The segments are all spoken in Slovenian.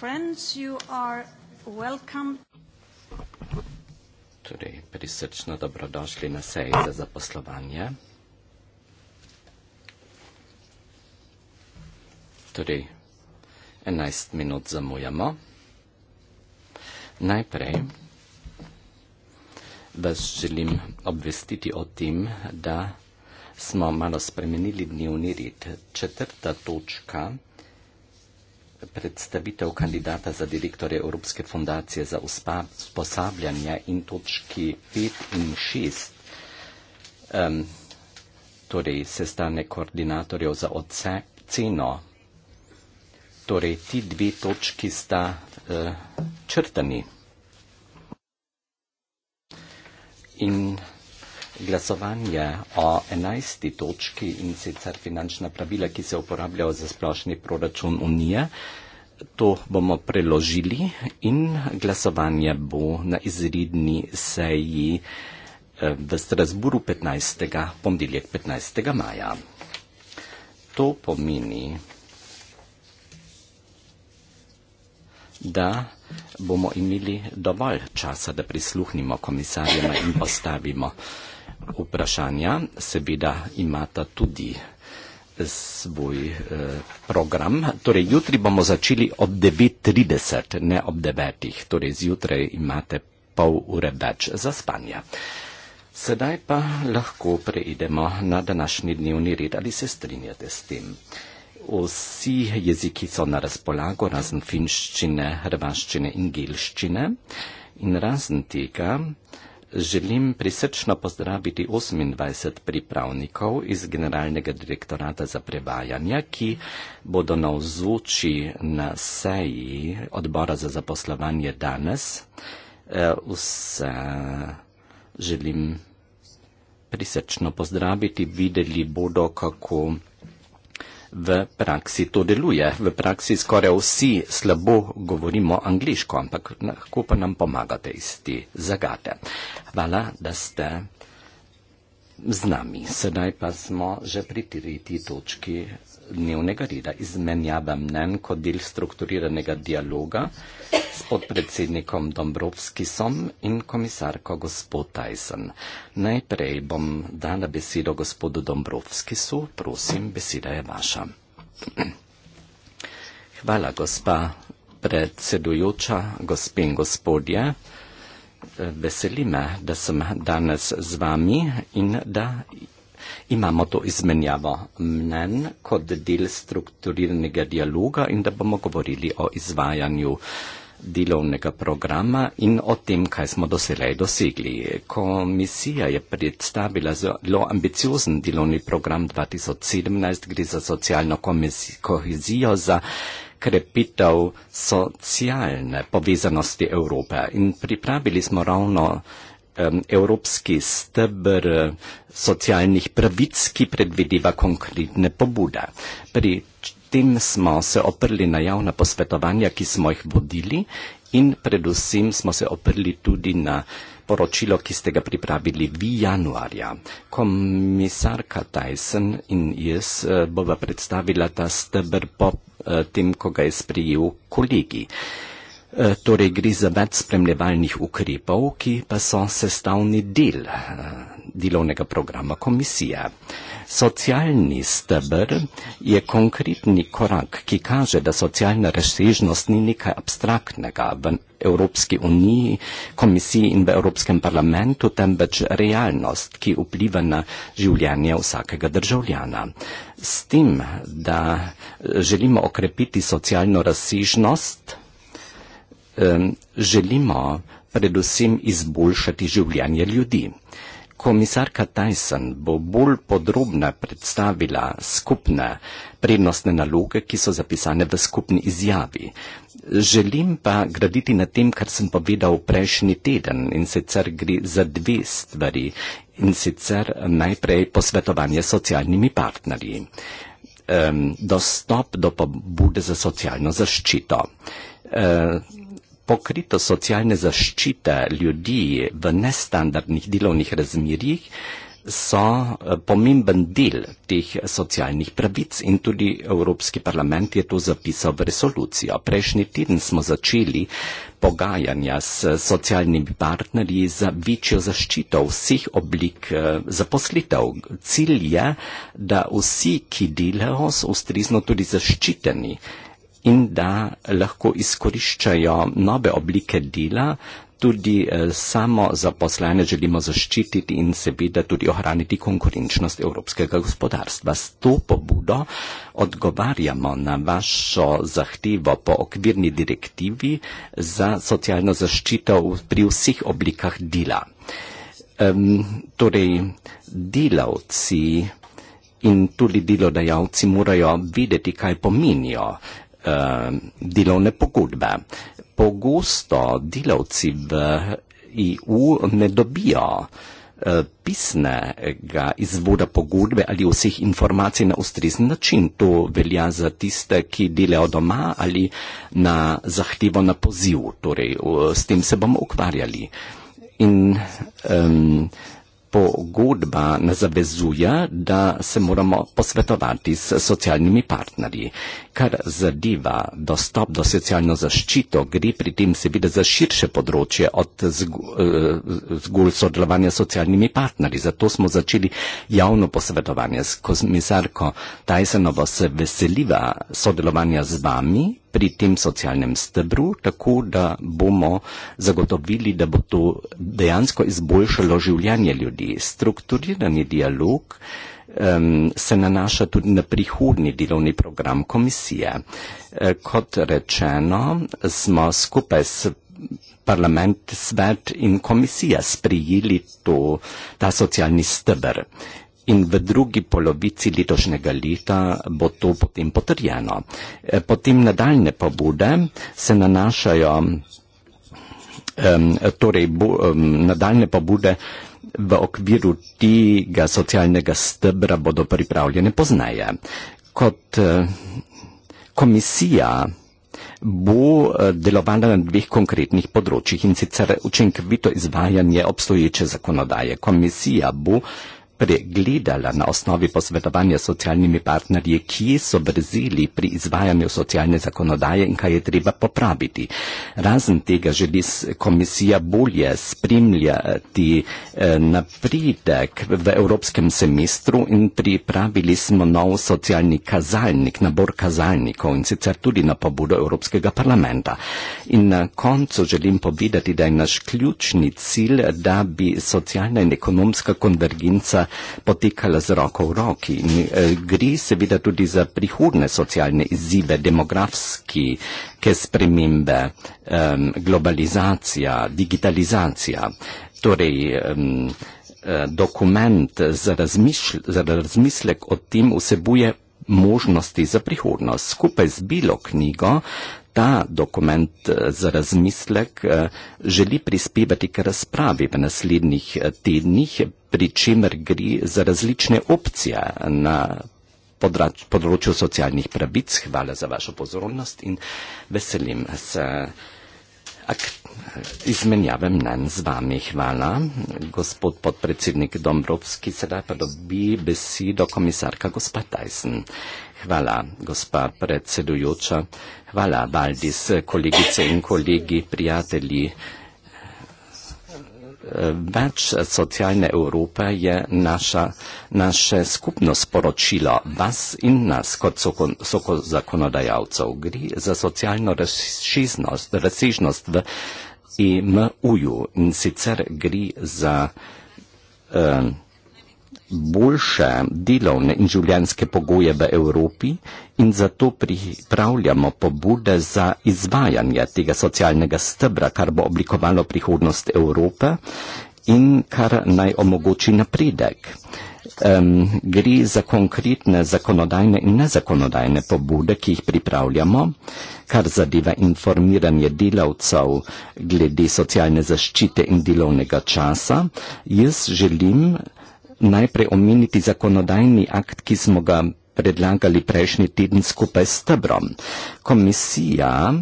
friends, you are welcome. Torej, prisrčno dobrodošli na seji za zaposlovanje. Torej, 11 minut zamujamo. Najprej vas želim obvestiti o tem, da smo malo spremenili dnevni red. Četrta točka predstavitev kandidata za direktorja Evropske fundacije za usposabljanje in točki 5 in 6, um, torej sestane koordinatorjev za oceno. Torej, ti dve točki sta uh, črtani. In glasovanje o enajsti točki in sicer finančna pravila, ki se uporabljajo za splošni proračun Unije. To bomo preložili in glasovanje bo na izredni seji eh, v Strasburu 15. pondeljek 15. maja. To pomeni, da bomo imeli dovolj časa, da prisluhnimo komisarjem in postavimo vprašanja, seveda imata tudi svoj eh, program. Torej, jutri bomo začeli ob 9.30, ne ob 9. Torej, zjutraj imate pol ure več za spanje. Sedaj pa lahko preidemo na današnji dnevni red, ali se strinjate s tem. Vsi jeziki so na razpolago, razen finščine, hrvaščine in gelščine. In razen tega, želim prisrčno pozdraviti 28 pripravnikov iz Generalnega direktorata za prevajanje, ki bodo navzuči na seji odbora za zaposlovanje danes. E, vse želim prisrčno pozdraviti, videli bodo, kako v praksi to deluje. V praksi skoraj vsi slabo govorimo angliško, ampak lahko pa nam pomagate iz te zagate. Hvala, da ste z nami. Sedaj pa smo že pri tretji točki dnevnega reda izmenjava mnen kot del strukturiranega dialoga s podpredsednikom Dombrovskisom in komisarko gospod Tyson. Najprej bom dala besedo gospodu Dombrovskisu. Prosim, beseda je vaša. Hvala, gospa predsedujoča, gospe in gospodje. Veseli me, da sem danes z vami in da imamo to izmenjavo mnen kot del strukturiranega dialoga in da bomo govorili o izvajanju delovnega programa in o tem, kaj smo doselej dosegli. Komisija je predstavila zelo ambiciozen delovni program 2017, gre za socialno kohezijo za krepitev socialne povezanosti Evrope. In pripravili smo ravno evropski stebr eh, socialnih pravic, ki predvideva konkretne pobude. Pri tem smo se oprli na javna posvetovanja, ki smo jih vodili in predvsem smo se oprli tudi na poročilo, ki ste ga pripravili vi januarja. Komisarka Tyson in jaz eh, bova predstavila ta stebr po eh, tem, ko ga je sprijel kolegi. Eh, torej gre za več spremljevalnih ukrepov, ki pa so sestavni del eh, delovnega programa komisije. Socialni stebr je konkretni korak, ki kaže, da socialna razsežnost ni nekaj abstraktnega v Evropski uniji, komisiji in v Evropskem parlamentu, temveč realnost, ki vpliva na življenje vsakega državljana. S tem, da eh, želimo okrepiti socialno razsežnost, želimo predvsem izboljšati življenje ljudi. Komisarka Tyson bo bolj podrobno predstavila skupne prednostne naloge, ki so zapisane v skupni izjavi. Želim pa graditi na tem, kar sem povedal prejšnji teden in sicer gre za dve stvari in sicer najprej posvetovanje s socialnimi partnerji. Um, dostop do pobude za socialno zaščito. Uh, pokrito socialne zaščite ljudi v nestandardnih delovnih razmerjih, so eh, pomemben del teh socialnih pravic in tudi Evropski parlament je to zapisal v resolucijo. Prejšnji teden smo začeli pogajanja s socialnimi partnerji za večjo zaščito vseh oblik eh, zaposlitev. Cilj je, da vsi, ki delajo, so ustrezno tudi zaščiteni in da lahko izkoriščajo nove oblike dela. Tudi eh, samo zaposlene želimo zaščititi in seveda tudi ohraniti konkurenčnost evropskega gospodarstva. S to pobudo odgovarjamo na vašo zahtevo po okvirni direktivi za socialno zaščito pri vseh oblikah dela. Um, torej, delavci in tudi delodajalci morajo vedeti, kaj pomenijo. Eh, delovne pogodbe. Pogosto delavci v EU ne dobijo eh, pisnega izvoda pogodbe ali vseh informacij na ustrezen način. To velja za tiste, ki delajo doma ali na zahtevo na poziv. Torej, s tem se bomo ukvarjali. In um, pogodba nas zavezuje, da se moramo posvetovati s socialnimi partnerji. Kar zadeva dostop do socialno zaščito, gre pri tem seveda za širše področje od eh, zgolj sodelovanja s socialnimi partnerji. Zato smo začeli javno posvetovanje s komisarko Tajsenovo, se veseliva sodelovanja z vami pri tem socialnem stebru, tako da bomo zagotovili, da bo to dejansko izboljšalo življenje ljudi. Strukturirani dialog se nanaša tudi na prihodni delovni program komisije. E, kot rečeno, smo skupaj s parlament, svet in komisija sprijeli to, ta socialni stebr in v drugi polovici letošnjega leta bo to potem potrjeno. E, potem nadaljne pobude se nanašajo, torej nadaljne pobude v okviru tega socialnega stebra bodo pripravljene poznaje. Kot e, komisija bo e, delovala na dveh konkretnih področjih in sicer učinkovito izvajanje obstoječe zakonodaje. Komisija bo pregledala na osnovi posvetovanja s socialnimi partnerji, kje so brzili pri izvajanju socialne zakonodaje in kaj je treba popraviti. Razen tega želi komisija bolje spremljati eh, napredek v evropskem semestru in pripravili smo nov socialni kazalnik, nabor kazalnikov in sicer tudi na pobudo Evropskega parlamenta. In na koncu želim povedati, da je naš ključni cilj, da bi socialna in ekonomska konvergenca potekala z roko v roki. In, eh, gre seveda tudi za prihodne socialne izzive, demografske spremembe, eh, globalizacija, digitalizacija. Torej, eh, dokument za, razmišl za razmislek o tem vseboje možnosti za prihodnost. Skupaj z bilo knjigo ta dokument eh, za razmislek eh, želi prispevati k razpravi v naslednjih eh, tednih, pri čemer gre za različne opcije na področju socialnih pravic. Hvala za vašo pozornost in veselim se izmenjave mnen z vami. Hvala, gospod podpredsednik Dombrovski, sedaj pa dobi besedo komisarka gospa Tyson. Hvala, gospa predsedujoča. Hvala, Valdis, kolegice in kolegi, prijatelji. Več socialne Evrope je naša, naše skupno sporočilo vas in nas kot sokozakonodajalcev. Soko Gre za socialno razsižnost, razsižnost v EMU-ju in sicer gre za. Um, boljše delovne in življenske pogoje v Evropi in zato pripravljamo pobude za izvajanje tega socialnega stebra, kar bo oblikovalo prihodnost Evrope in kar naj omogoči napredek. Um, gre za konkretne zakonodajne in nezakonodajne pobude, ki jih pripravljamo, kar zadeva informiranje delavcev glede socialne zaščite in delovnega časa. Jaz želim, najprej omeniti zakonodajni akt, ki smo ga predlagali prejšnji teden skupaj s Tabrom. Komisija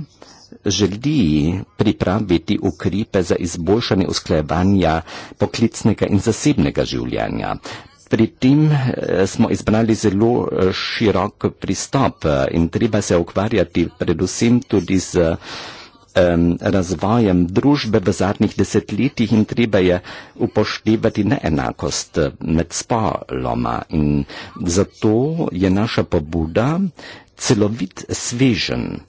želi pripraviti ukrepe za izboljšanje usklajevanja poklicnega in zasebnega življenja. Pri tem eh, smo izbrali zelo eh, širok pristop eh, in treba se ukvarjati predvsem tudi z um, razvojem družbe v zadnjih desetletjih in treba je upoštevati neenakost eh, med spoloma. In zato je naša pobuda celovit svežen.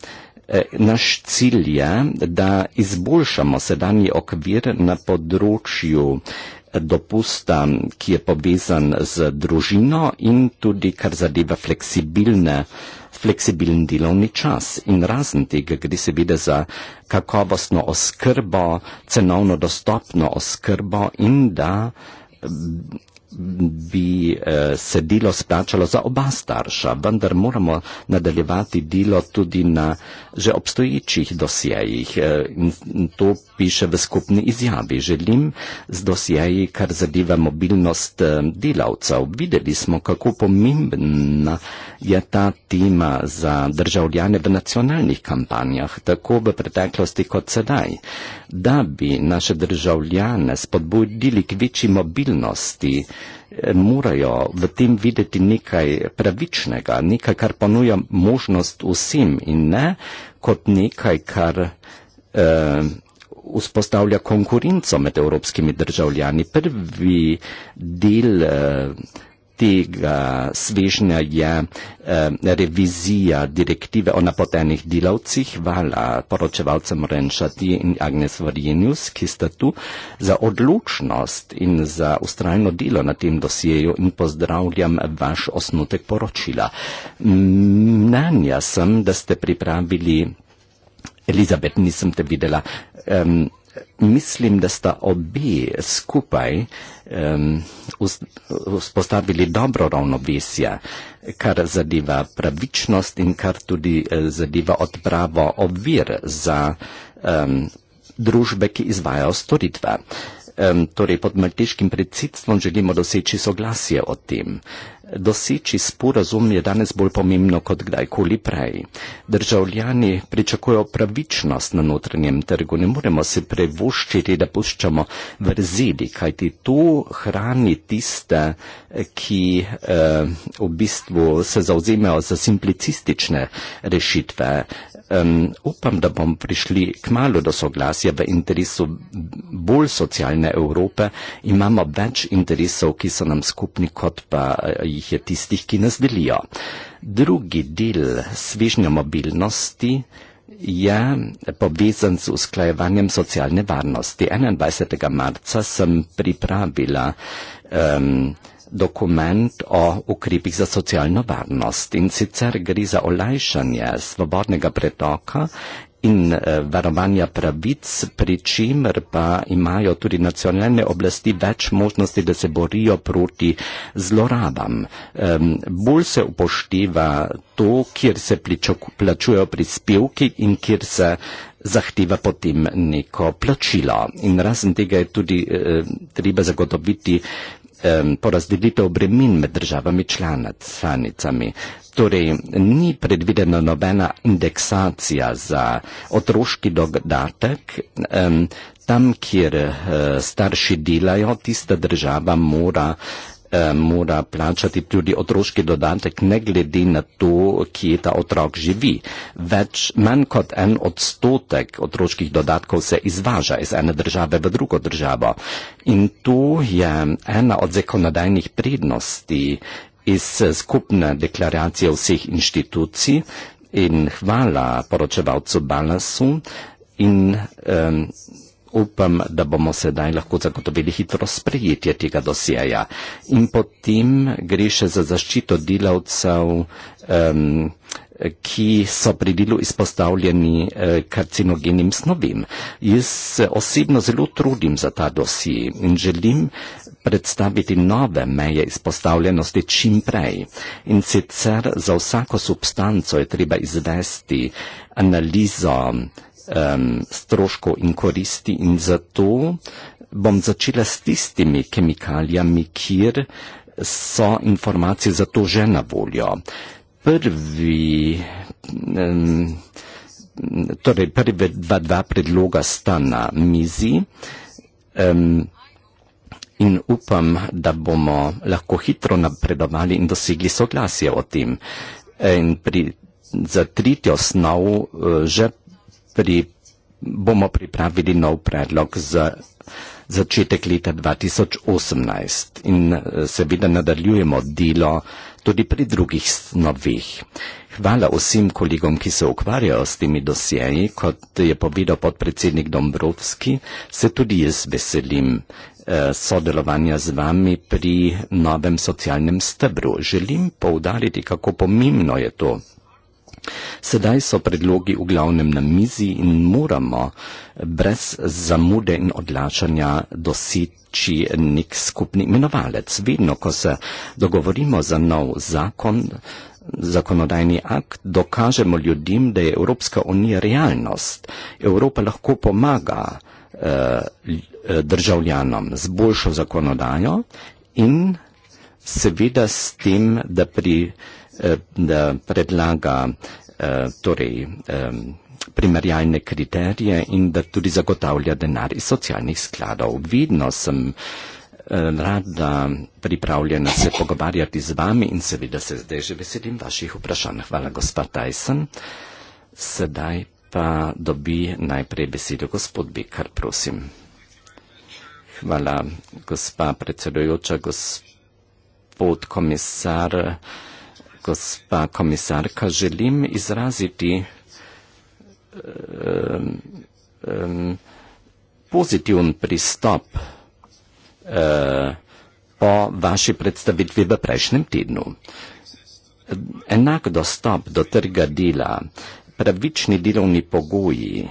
Eh, naš cilj je, da izboljšamo sedanji okvir na področju uh, dopusta, ki je povezan z družino in tudi kar zadeva fleksibilne, fleksibilen delovni čas. In razen tega gre seveda za kakovostno oskrbo, cenovno dostopno oskrbo in da bi eh, se delo splačalo za oba starša, vendar moramo nadaljevati delo tudi na že obstoječih dosjejih. Eh, in to piše v skupni izjavi. Želim z dosjeji, kar zadeva mobilnost eh, delavcev. Videli smo, kako pomembna je ta tema za državljane v nacionalnih kampanjah, tako v preteklosti kot sedaj. Eh, da bi naše državljane spodbudili k večji mobilnosti, eh, morajo v tem videti nekaj pravičnega, nekaj, kar ponuja možnost vsem in ne kot nekaj, kar eh, vzpostavlja konkurenco med evropskimi državljani. Prvi del eh, tega svežnja je eh, revizija direktive o napotenih delavcih. Hvala poročevalcem Renšati in Agnes Varjenjus, ki sta tu za odločnost in za ustrajno delo na tem dosjeju in pozdravljam vaš osnutek poročila. Mnenja sem, da ste pripravili. Elizabet, nisem te videla. Um, mislim, da sta obe skupaj vzpostavili dobro ravnovesje, kar zadeva pravičnost in kar tudi eh, zadeva odpravo ovir za um, družbe, ki izvajajo storitve. Um, torej pod maltiškim predsedstvom želimo doseči soglasje o tem. Uh, Doseči sporazum je danes bolj pomembno kot kdajkoli prej. Državljani pričakujo pravičnost na notranjem trgu, ne moremo se prevoščiti, da puščamo vrzeli, kajti to hrani tiste, ki eh, v bistvu se zauzemajo za simplicistične rešitve um, upam, da bomo prišli k malu do soglasja v interesu bolj socialne Evrope. Imamo več interesov, ki so nam skupni, kot pa eh, jih je tistih, ki nas delijo. Drugi del svežnja mobilnosti je povezan z usklajevanjem socialne varnosti. 21. marca sem pripravila um, dokument o ukrepih za socialno varnost in sicer gre za olajšanje svobodnega pretoka in eh, varovanja pravic, pri čemer pa imajo tudi nacionalne oblasti več možnosti, da se borijo proti zlorabam. Um, bolj se upošteva to, kjer se plačujejo prispevki in kjer se zahteva potem neko plačilo. In razen tega je tudi eh, treba zagotoviti porazdelitev bremin med državami članicami. Torej, ni predvidena nobena indeksacija za otroški dodatek. Tam, kjer eh, starši delajo, tista država mora Eh, mora plačati tudi otroški dodatek, ne glede na to, kje ta otrok živi. Več, manj kot en odstotek otroških dodatkov se izvaža iz ene države v drugo državo. In to je ena od zakonodajnih prednosti iz eh, skupne deklaracije vseh inštitucij in hvala poročevalcu Balasu in um, upam, da bomo sedaj lahko zagotovili hitro sprejetje tega dosjeja. In potem gre še za zaščito delavcev, um, ki so pri delu izpostavljeni eh, karcinogenim snovim. Jaz se osebno zelo trudim za ta dosje in želim predstaviti nove meje izpostavljenosti čim prej. In sicer za vsako substanco je treba izvesti analizo um, stroškov in koristi in zato bom začela s tistimi kemikalijami, kjer so informacije za to že na voljo. Prvi, um, torej prve dva, dva predloga sta na mizi. Um, In upam, da bomo lahko hitro napredovali in dosegli soglasje o tem. In pri, za tretjo osnov eh, že pri, bomo pripravili nov predlog za začetek leta 2018 in eh, seveda nadaljujemo delo tudi pri drugih snovih. Hvala vsem kolegom, ki se ukvarjajo s temi dosjeji, kot je povedal podpredsednik Dombrovski, se tudi jaz veselim eh, sodelovanja z vami pri novem socialnem stebru. Želim poudariti, kako pomembno je to, Sedaj so predlogi v glavnem na mizi in moramo brez zamude in odlačanja doseči nek skupni imenovalec. Vedno, ko se dogovorimo za nov zakon, zakonodajni akt, dokažemo ljudem, da je Evropska unija realnost. Evropa lahko pomaga eh, državljanom z boljšo zakonodajo in seveda s tem, da pri. Eh, da predlaga eh, torej, eh, primerjalne kriterije in da tudi zagotavlja denar iz socialnih skladov. Vedno sem rada pripravljena se pogovarjati z vami in seveda se zdaj že veselim vaših vprašanj. Hvala, gospa Tyson. Sedaj pa dobi najprej besedo gospod Bikar, prosim. Hvala, gospa predsedujoča, gospod komisar. Uh, gospa komisarka, želim izraziti um, um, pozitiven pristop uh, po vaši predstavitvi v prejšnjem tednu. Enak dostop do trga dela, pravični delovni pogoji,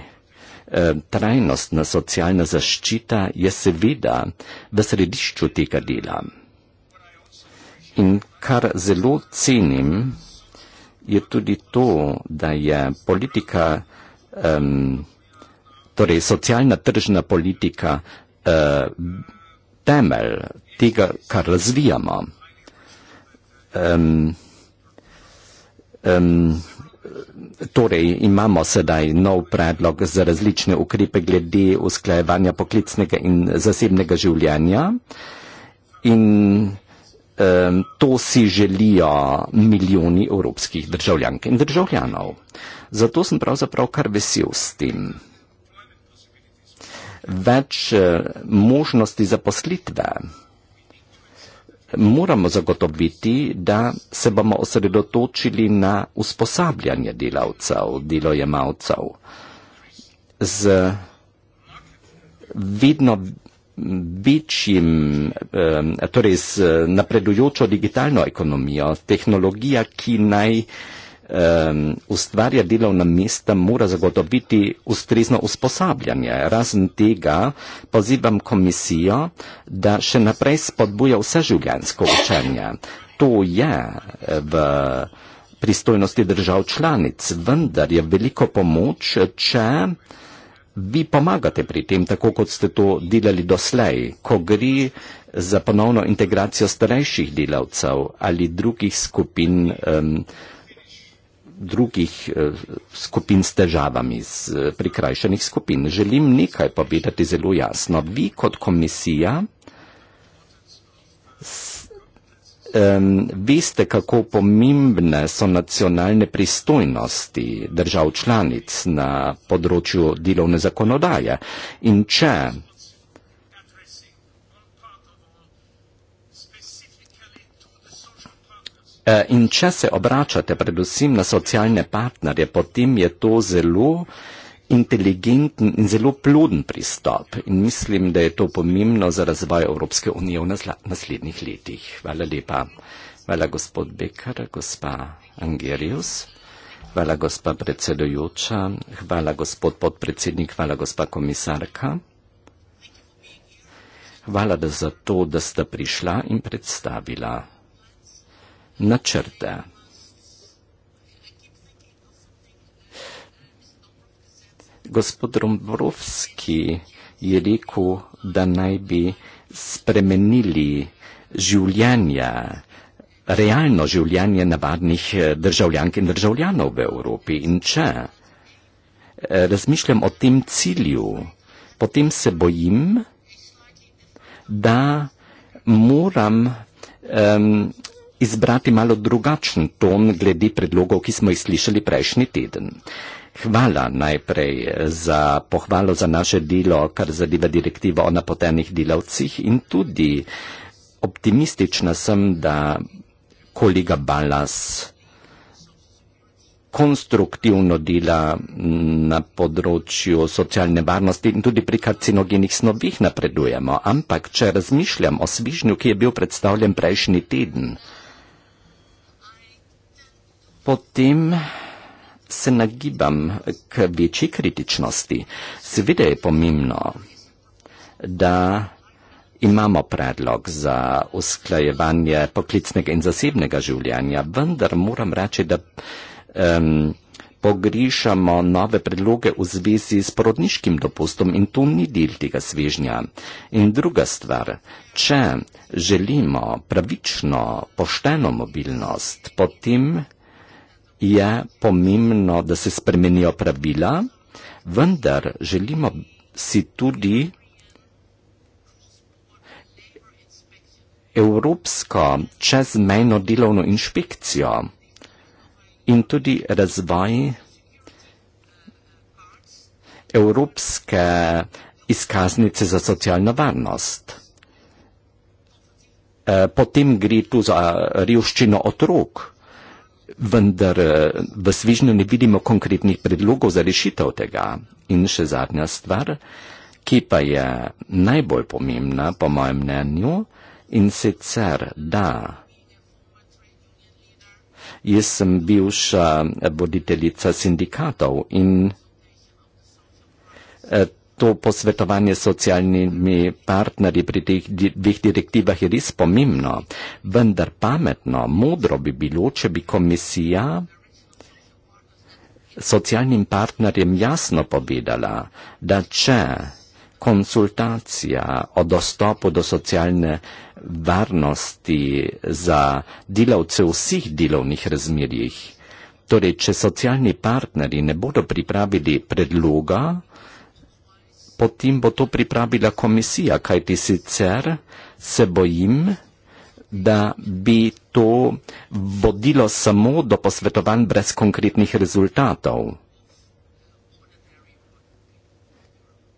eh, trajnostna socialna zaščita je seveda v središču tega dela. In kar zelo cenim, je tudi to, da je politika, um, torej socialna tržna politika, uh, temelj tega, kar razvijamo. Um, um, torej imamo sedaj nov predlog za različne ukrepe glede usklajevanja poklicnega in zasebnega življenja. In um, to si želijo milijoni evropskih državljank in državljanov. Zato sem pravzaprav kar vesel s tem. Več uh, možnosti zaposlitve moramo zagotoviti, da se bomo osredotočili na usposabljanje delavcev, delojemalcev z vidno večjim, torej z eh, napredujočo digitalno ekonomijo, tehnologija, ki naj um, ustvarja delovna mesta, mora zagotoviti ustrezno usposabljanje. Razen tega pozivam komisijo, da še naprej spodbuja vse življansko učenje. To je eh, v pristojnosti držav članic, vendar je veliko pomoč, če vi pomagate pri tem, tako kot ste to delali doslej, ko gre za ponovno integracijo starejših delavcev ali drugih skupin, um, drugih uh, skupin s težavami, z uh, prikrajšanih skupin. Želim nekaj povedati zelo jasno. Vi kot komisija um, veste, kako pomembne so nacionalne pristojnosti držav članic na področju delovne zakonodaje. In če e, In če se obračate predvsem na socialne partnerje, potem je to zelo uh, inteligenten in zelo ploden pristop. In mislim, da je to pomembno za razvoj Evropske unije v naslednjih letih. Hvala lepa. Hvala gospod Bekar, gospa Angerius. Hvala gospa predsedujoča. Hvala gospod podpredsednik. Hvala gospa komisarka. Hvala za to, da ste prišla in predstavila načrte. gospod Rombrovski je rekel, da naj bi spremenili življenje, realno življenje navadnih eh, državljank in državljanov v Evropi. In če eh, razmišljam o tem cilju, potem se bojim, da moram um, izbrati malo drugačen ton glede predlogov, ki smo jih slišali prejšnji teden. Uh, Hvala najprej za pohvalo za naše delo, kar zadeva direktivo o napotenih delavcih in tudi optimistična sem, da kolega Balas konstruktivno dela na področju socialne varnosti in tudi pri karcinogenih snovih napredujemo. Ampak, če razmišljam o svižnju, ki je bil predstavljen prejšnji teden, potem se nagibam k večji kritičnosti. Seveda je pomembno, da imamo predlog za usklajevanje poklicnega in zasebnega življenja, vendar moram reči, da um, pogrišamo nove predloge v zvezi s porodniškim dopustom in to ni del tega svežnja. In druga stvar, če želimo pravično, pošteno mobilnost, potem je pomembno, da se spremenijo pravila, vendar želimo si tudi Evropsko čezmejno delovno inšpekcijo in tudi razvoj Evropske izkaznice za socialno varnost. Eh, potem gre tu za revščino otrok vendar eh, v svižnju ne vidimo konkretnih predlogov za rešitev tega. In še zadnja stvar, ki pa je najbolj pomembna, po mojem mnenju, in sicer, da jaz sem bivša voditeljica sindikatov in eh, to posvetovanje s socialnimi partnerji pri teh dveh direktivah je res pomembno, vendar pametno, modro bi bilo, če bi komisija socialnim partnerjem jasno povedala, da če konsultacija o dostopu do socialne varnosti za delavce v vseh delovnih razmerjih, torej če socialni partnerji ne bodo pripravili predloga, potem bo to pripravila komisija, kaj ti sicer se bojim, da bi to vodilo samo do posvetovanj brez konkretnih rezultatov.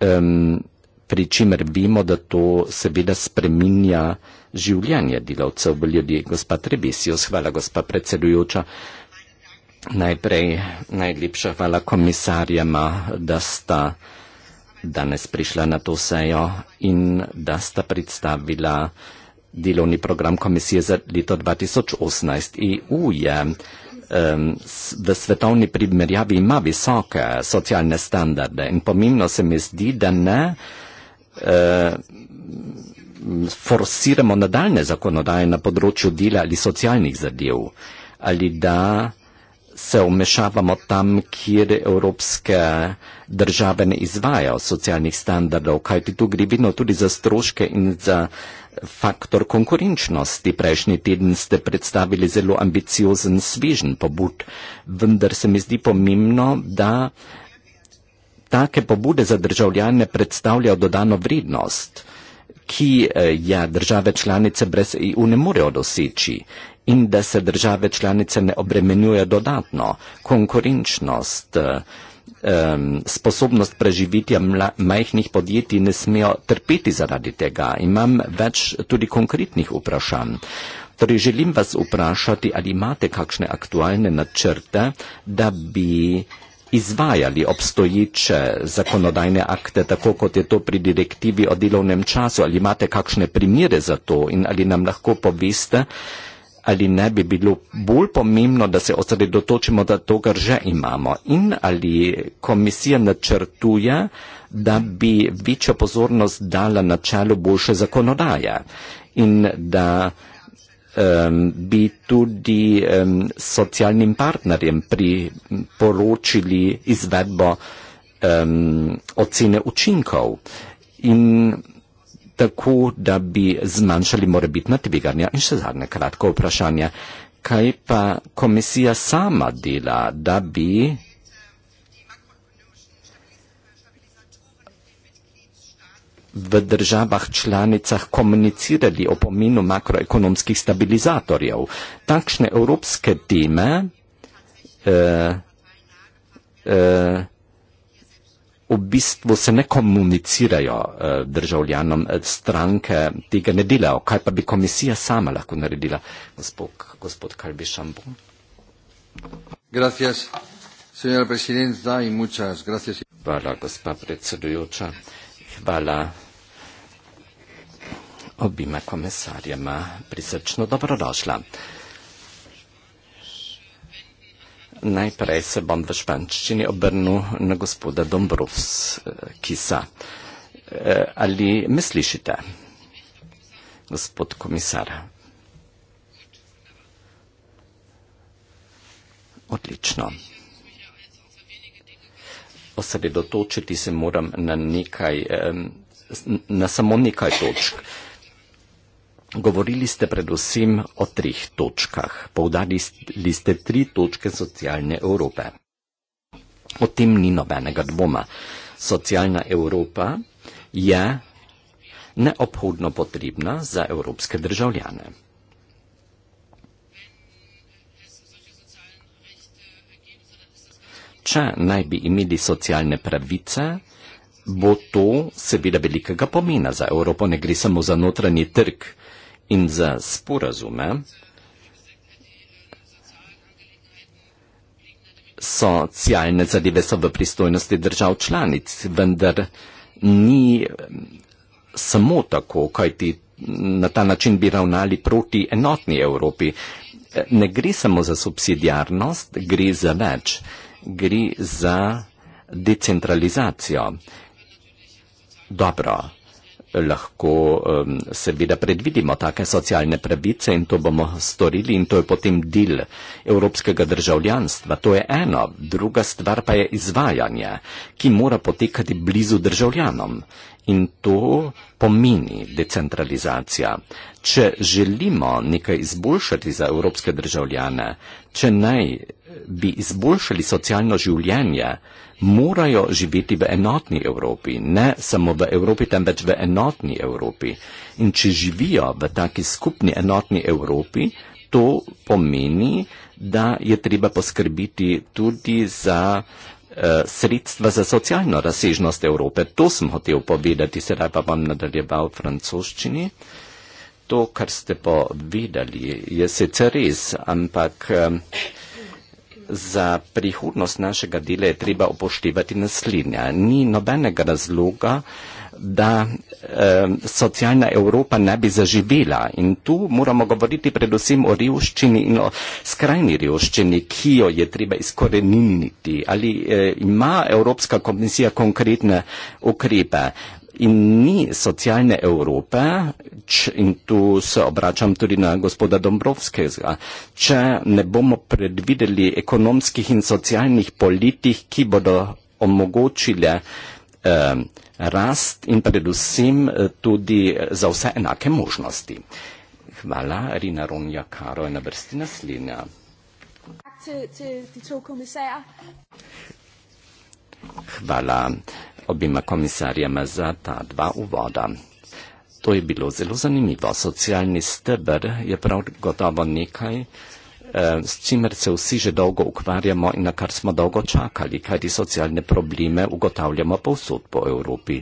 Um, pri čimer vemo, da to seveda spreminja življenje delavcev v ljudi. Gospa Trebisius, hvala gospa predsedujoča. Najprej najlepša hvala komisarjama, da sta danes prišla na to sejo in da sta predstavila delovni program komisije za leto 2018. EU je um, v svetovni primerjavi ima visoke socialne standarde in pomembno se mi zdi, da ne uh, forsiramo nadaljne zakonodaje na področju dela ali socialnih zadev ali da se vmešavamo tam, kjer evropske države ne izvajajo socialnih standardov, kaj ti tu gre vidno tudi za stroške in za faktor konkurenčnosti. Prejšnji teden ste predstavili zelo ambiciozen svežen pobud, vendar se mi zdi pomembno, da take pobude za državljane predstavljajo dodano vrednost ki eh, ja države članice brez EU ne morejo doseči in da se države članice ne obremenjuje dodatno. Konkurenčnost, um, sposobnost preživitja mla, majhnih podjetij ne smejo trpeti zaradi tega. Imam več tudi konkretnih vprašanj. Torej želim vas vprašati, ali imate kakšne aktualne načrte, da bi izvajali obstoječe zakonodajne akte, tako kot je to pri direktivi o delovnem času? Ali imate kakšne primere za to in ali nam lahko poveste, ali ne bi bilo bolj pomembno, da se osredotočimo na to, kar že imamo? In ali komisija načrtuje, da bi večjo pozornost dala na čelo boljše zakonodaje in da um, bi tudi um, socialnim partnerjem priporočili izvedbo um, ocene učinkov in tako, da bi zmanjšali morebitna tvigarnja. In še zadnje kratko vprašanje, kaj pa komisija sama dela, da bi v državah članicah komunicirali o pomenu makroekonomskih stabilizatorjev. Takšne evropske teme eh, eh, v bistvu se ne komunicirajo eh, državljanom, eh, stranke tega ne delajo. Kaj pa bi komisija sama lahko naredila, gospod, gospod Karbi Šambo? Hvala, gospa predsedujoča pa la obima komisarjama prisrčno dobrodošla. Najprej se bom v španščini obrnil na gospoda Dombrovs Kisa. E, ali me slišite, gospod komisar? Odlično osredotočiti se moram na nekaj, na samo nekaj točk. Govorili ste predvsem o treh točkah. Povdarili ste tri točke socialne Evrope. O tem ni nobenega dvoma. Socialna Evropa je neobhodno potrebna za evropske državljane. če naj bi imeli socialne pravice, bo to seveda velikega pomena za Evropo. Ne gre samo za notranji trg in za sporazume. Socialne zadeve so v pristojnosti držav članic, vendar ni samo tako, kajti na ta način bi ravnali proti enotni Evropi. Ne gre samo za subsidijarnost, gre za več gre za decentralizacijo. Dobro, lahko seveda predvidimo take socialne pravice in to bomo storili in to je potem del evropskega državljanstva. To je eno. Druga stvar pa je izvajanje, ki mora potekati blizu državljanom. In to pomeni decentralizacija. Če želimo nekaj izboljšati za evropske državljane, če naj bi izboljšali socialno življenje, morajo živeti v enotni Evropi, ne samo v Evropi, temveč v enotni Evropi. In če živijo v taki skupni enotni Evropi, to pomeni, da je treba poskrbiti tudi za eh, sredstva za socialno razsežnost Evrope. To sem hotel povedati, sedaj pa vam nadaljeval v francoščini. To, kar ste povedali, je sicer res, ampak. Eh, za prihodnost našega dela je treba upoštevati naslednja. Ni nobenega razloga, da eh, socialna Evropa ne bi zaživela. In tu moramo govoriti predvsem o revščini in o skrajni revščini, ki jo je treba izkoreniniti. Ali eh, ima Evropska komisija konkretne ukrepe? in ni socialne Evrope, č, in tu se obračam tudi na gospoda Dombrovskega, če ne bomo predvideli ekonomskih in socialnih politik, ki bodo omogočile eh, rast in predvsem eh, tudi eh, za vse enake možnosti. Hvala, Rina Ronja Karo je na vrsti naslednja. Hvala obima komisarjama za ta dva uvoda. To je bilo zelo zanimivo. Socialni stebr je prav gotovo nekaj, eh, s čimer se vsi že dolgo ukvarjamo in na kar smo dolgo čakali, kajti socialne probleme ugotavljamo povsod po Evropi.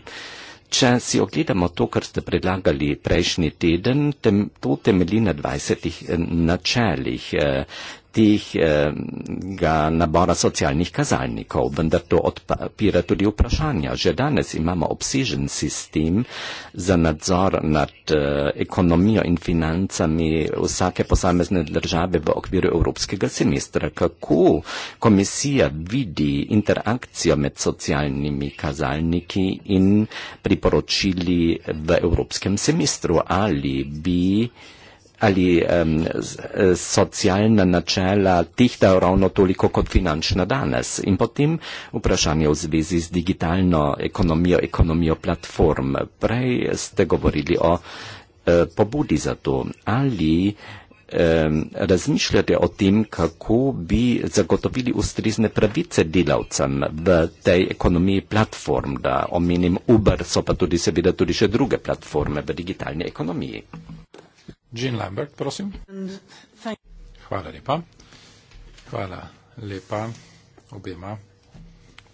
Če si ogledamo to, kar ste predlagali prejšnji teden, tem, to temelji na 20 eh, načelih. Eh, tistih eh, nabora socialnih kazalnikov, vendar to odpira tudi vprašanja. Že danes imamo obsežen sistem za nadzor nad eh, ekonomijo in financami vsake posamezne države v okviru Evropskega semestra. Kako komisija vidi interakcijo med socialnimi kazalniki in priporočili v Evropskem semestru? Ali bi ali um, socialna načela tihtajo ravno toliko kot finančna danes. In potem vprašanje v zvezi z digitalno ekonomijo, ekonomijo platform. Prej ste govorili o uh, pobudi za to. Ali um, razmišljate o tem, kako bi zagotovili ustrezne pravice delavcem v tej ekonomiji platform, da omenim Uber, so pa tudi seveda tudi še druge platforme v digitalni ekonomiji? Jean Lambert, prosim. Hvala lepa. Hvala lepa obema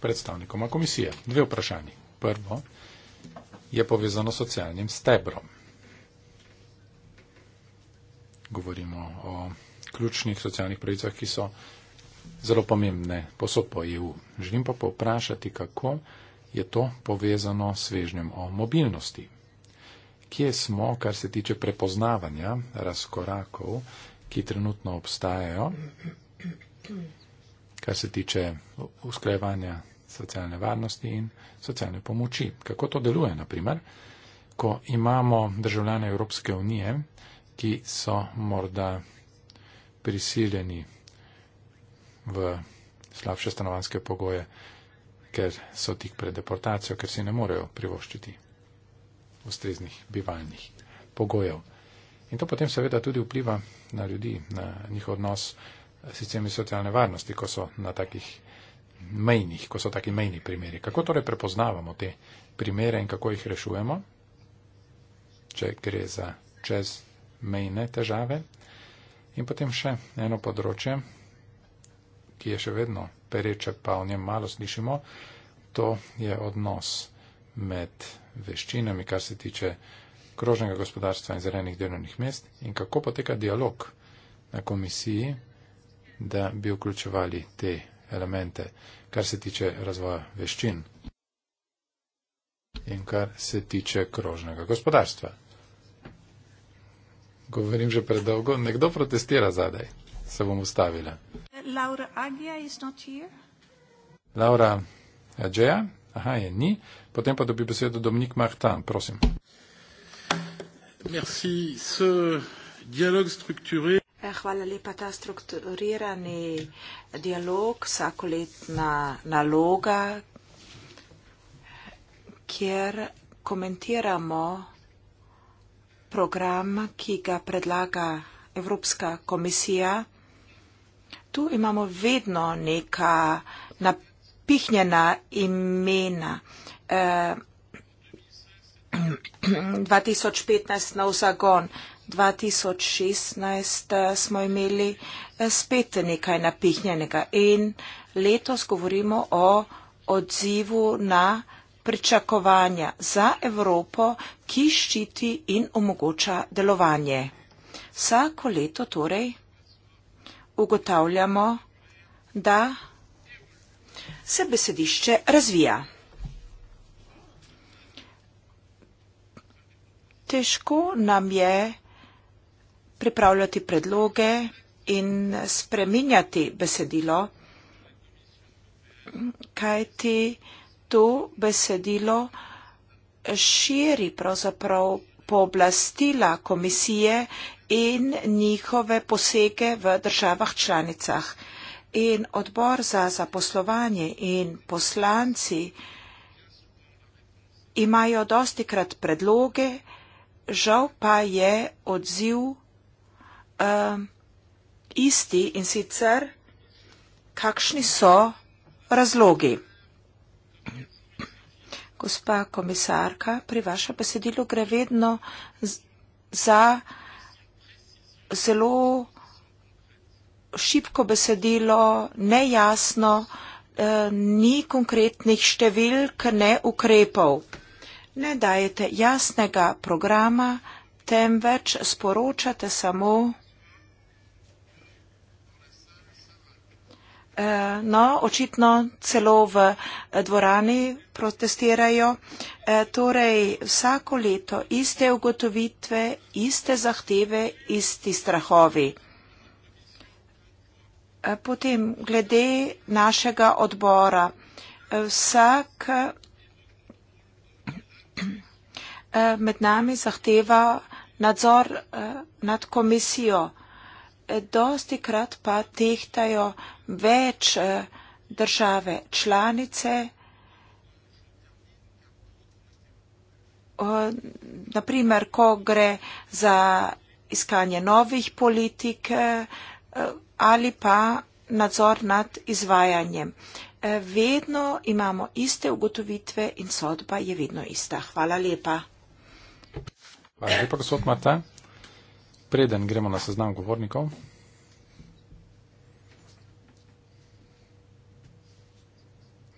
predstavnikoma komisije. Dve vprašanje. Prvo je povezano s socialnim stebrom. Govorimo o ključnih socialnih pravicah, ki so zelo pomembne posod po EU. Želim pa povprašati, kako je to povezano s svežnjem o mobilnosti kje smo, kar se tiče prepoznavanja razkorakov, ki trenutno obstajajo, kar se tiče usklajevanja socialne varnosti in socialne pomoči. Kako to deluje, naprimer, ko imamo državljane Evropske unije, ki so morda prisiljeni v slabše stanovanske pogoje, ker so tik pred deportacijo, ker si ne morejo privoščiti ustreznih bivalnih pogojev. In to potem seveda tudi vpliva na ljudi, na njihov odnos s sistemi socialne varnosti, ko so na takih mejnih, ko so taki mejni primeri. Kako torej prepoznavamo te primere in kako jih rešujemo, če gre za čezmejne težave. In potem še eno področje, ki je še vedno pereče, pa o njem malo slišimo, to je odnos med veščinami, kar se tiče krožnega gospodarstva in zelenih delovnih mest in kako poteka dialog na komisiji, da bi vključevali te elemente, kar se tiče razvoja veščin in kar se tiče krožnega gospodarstva. Govorim že predolgo, nekdo protestira zadaj, se bom ustavila. Laura Agia is not here. Laura Agia Aha, je ni. Potem pa dobi besedo Dominik Martin, prosim. Merci. Ce dialogue structuré... Ja, hvala lepa, ta strukturirani dialog, vsakoletna naloga, kjer komentiramo program, ki ga predlaga Evropska komisija. Tu imamo vedno neka napredka pihnjena imena. E, 2015 na vzagon, 2016 smo imeli eh, spet nekaj napihnjenega in letos govorimo o odzivu na pričakovanja za Evropo, ki ščiti in omogoča delovanje. Vsako leto torej ugotavljamo, da se besedišče razvija. Težko nam je pripravljati predloge in spreminjati besedilo, kajti to besedilo širi pravzaprav pooblastila komisije in njihove posege v državah članicah in odbor za zaposlovanje in poslanci imajo dosti krat predloge, žal pa je odziv um, isti in sicer kakšni so razlogi. Gospa komisarka, pri vašem besedilu gre vedno za zelo šipko besedilo, nejasno, eh, ni konkretnih številk, ne ukrepov. Ne dajete jasnega programa, temveč sporočate samo. Eh, no, očitno celo v eh, dvorani protestirajo. Torej, vsako leto iste ugotovitve, iste zahteve, isti strahovi. Potem glede našega odbora. Vsak med nami zahteva nadzor nad komisijo. Dosti krat pa tehtajo več države članice. Naprimer, ko gre za iskanje novih politik, ali pa nadzor nad izvajanjem. E, vedno imamo iste ugotovitve in sodba je vedno ista. Hvala lepa. Hvala lepa, gospod Marta. Preden gremo na seznam govornikov.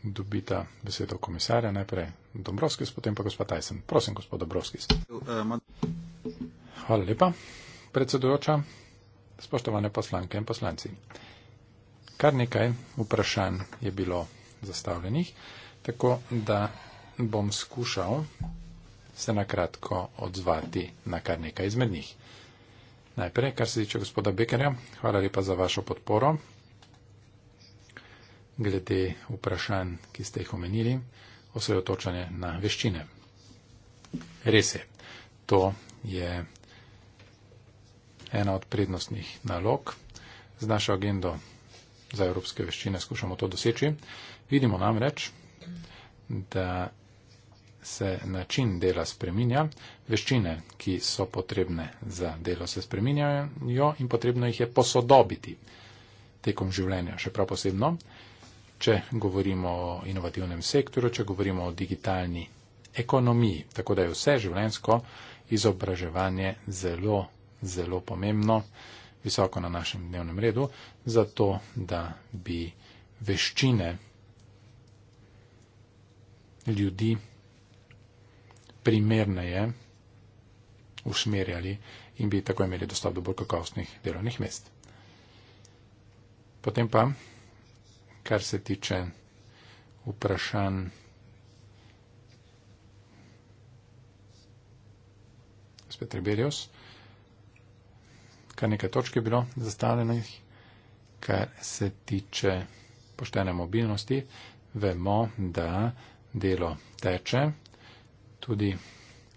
Dobita besedo komisarja, najprej Dombrovskis, potem pa gospod Tyson. Prosim, gospod Dombrovskis. Eh, Hvala lepa, predsedujoča spoštovane poslanke in poslanci. Kar nekaj vprašanj je bilo zastavljenih, tako da bom skušal se na kratko odzvati na kar nekaj izmed njih. Najprej, kar se tiče gospoda Bekerja, hvala lepa za vašo podporo. Glede vprašanj, ki ste jih omenili, osredotočanje na veščine. Res je, to je ena od prednostnih nalog. Z našo agendo za evropske veščine skušamo to doseči. Vidimo namreč, da se način dela spreminja, veščine, ki so potrebne za delo, se spreminjajo in potrebno jih je posodobiti tekom življenja, še prav posebno, če govorimo o inovativnem sektorju, če govorimo o digitalni ekonomiji, tako da je vse življensko izobraževanje zelo zelo pomembno, visoko na našem dnevnem redu, zato da bi veščine ljudi primerneje usmerjali in bi tako imeli dostop do bolj kakovostnih delovnih mest. Potem pa, kar se tiče vprašanj Spetriberjos, kar nekaj točke bilo zastavljenih, kar se tiče poštene mobilnosti. Vemo, da delo teče, tudi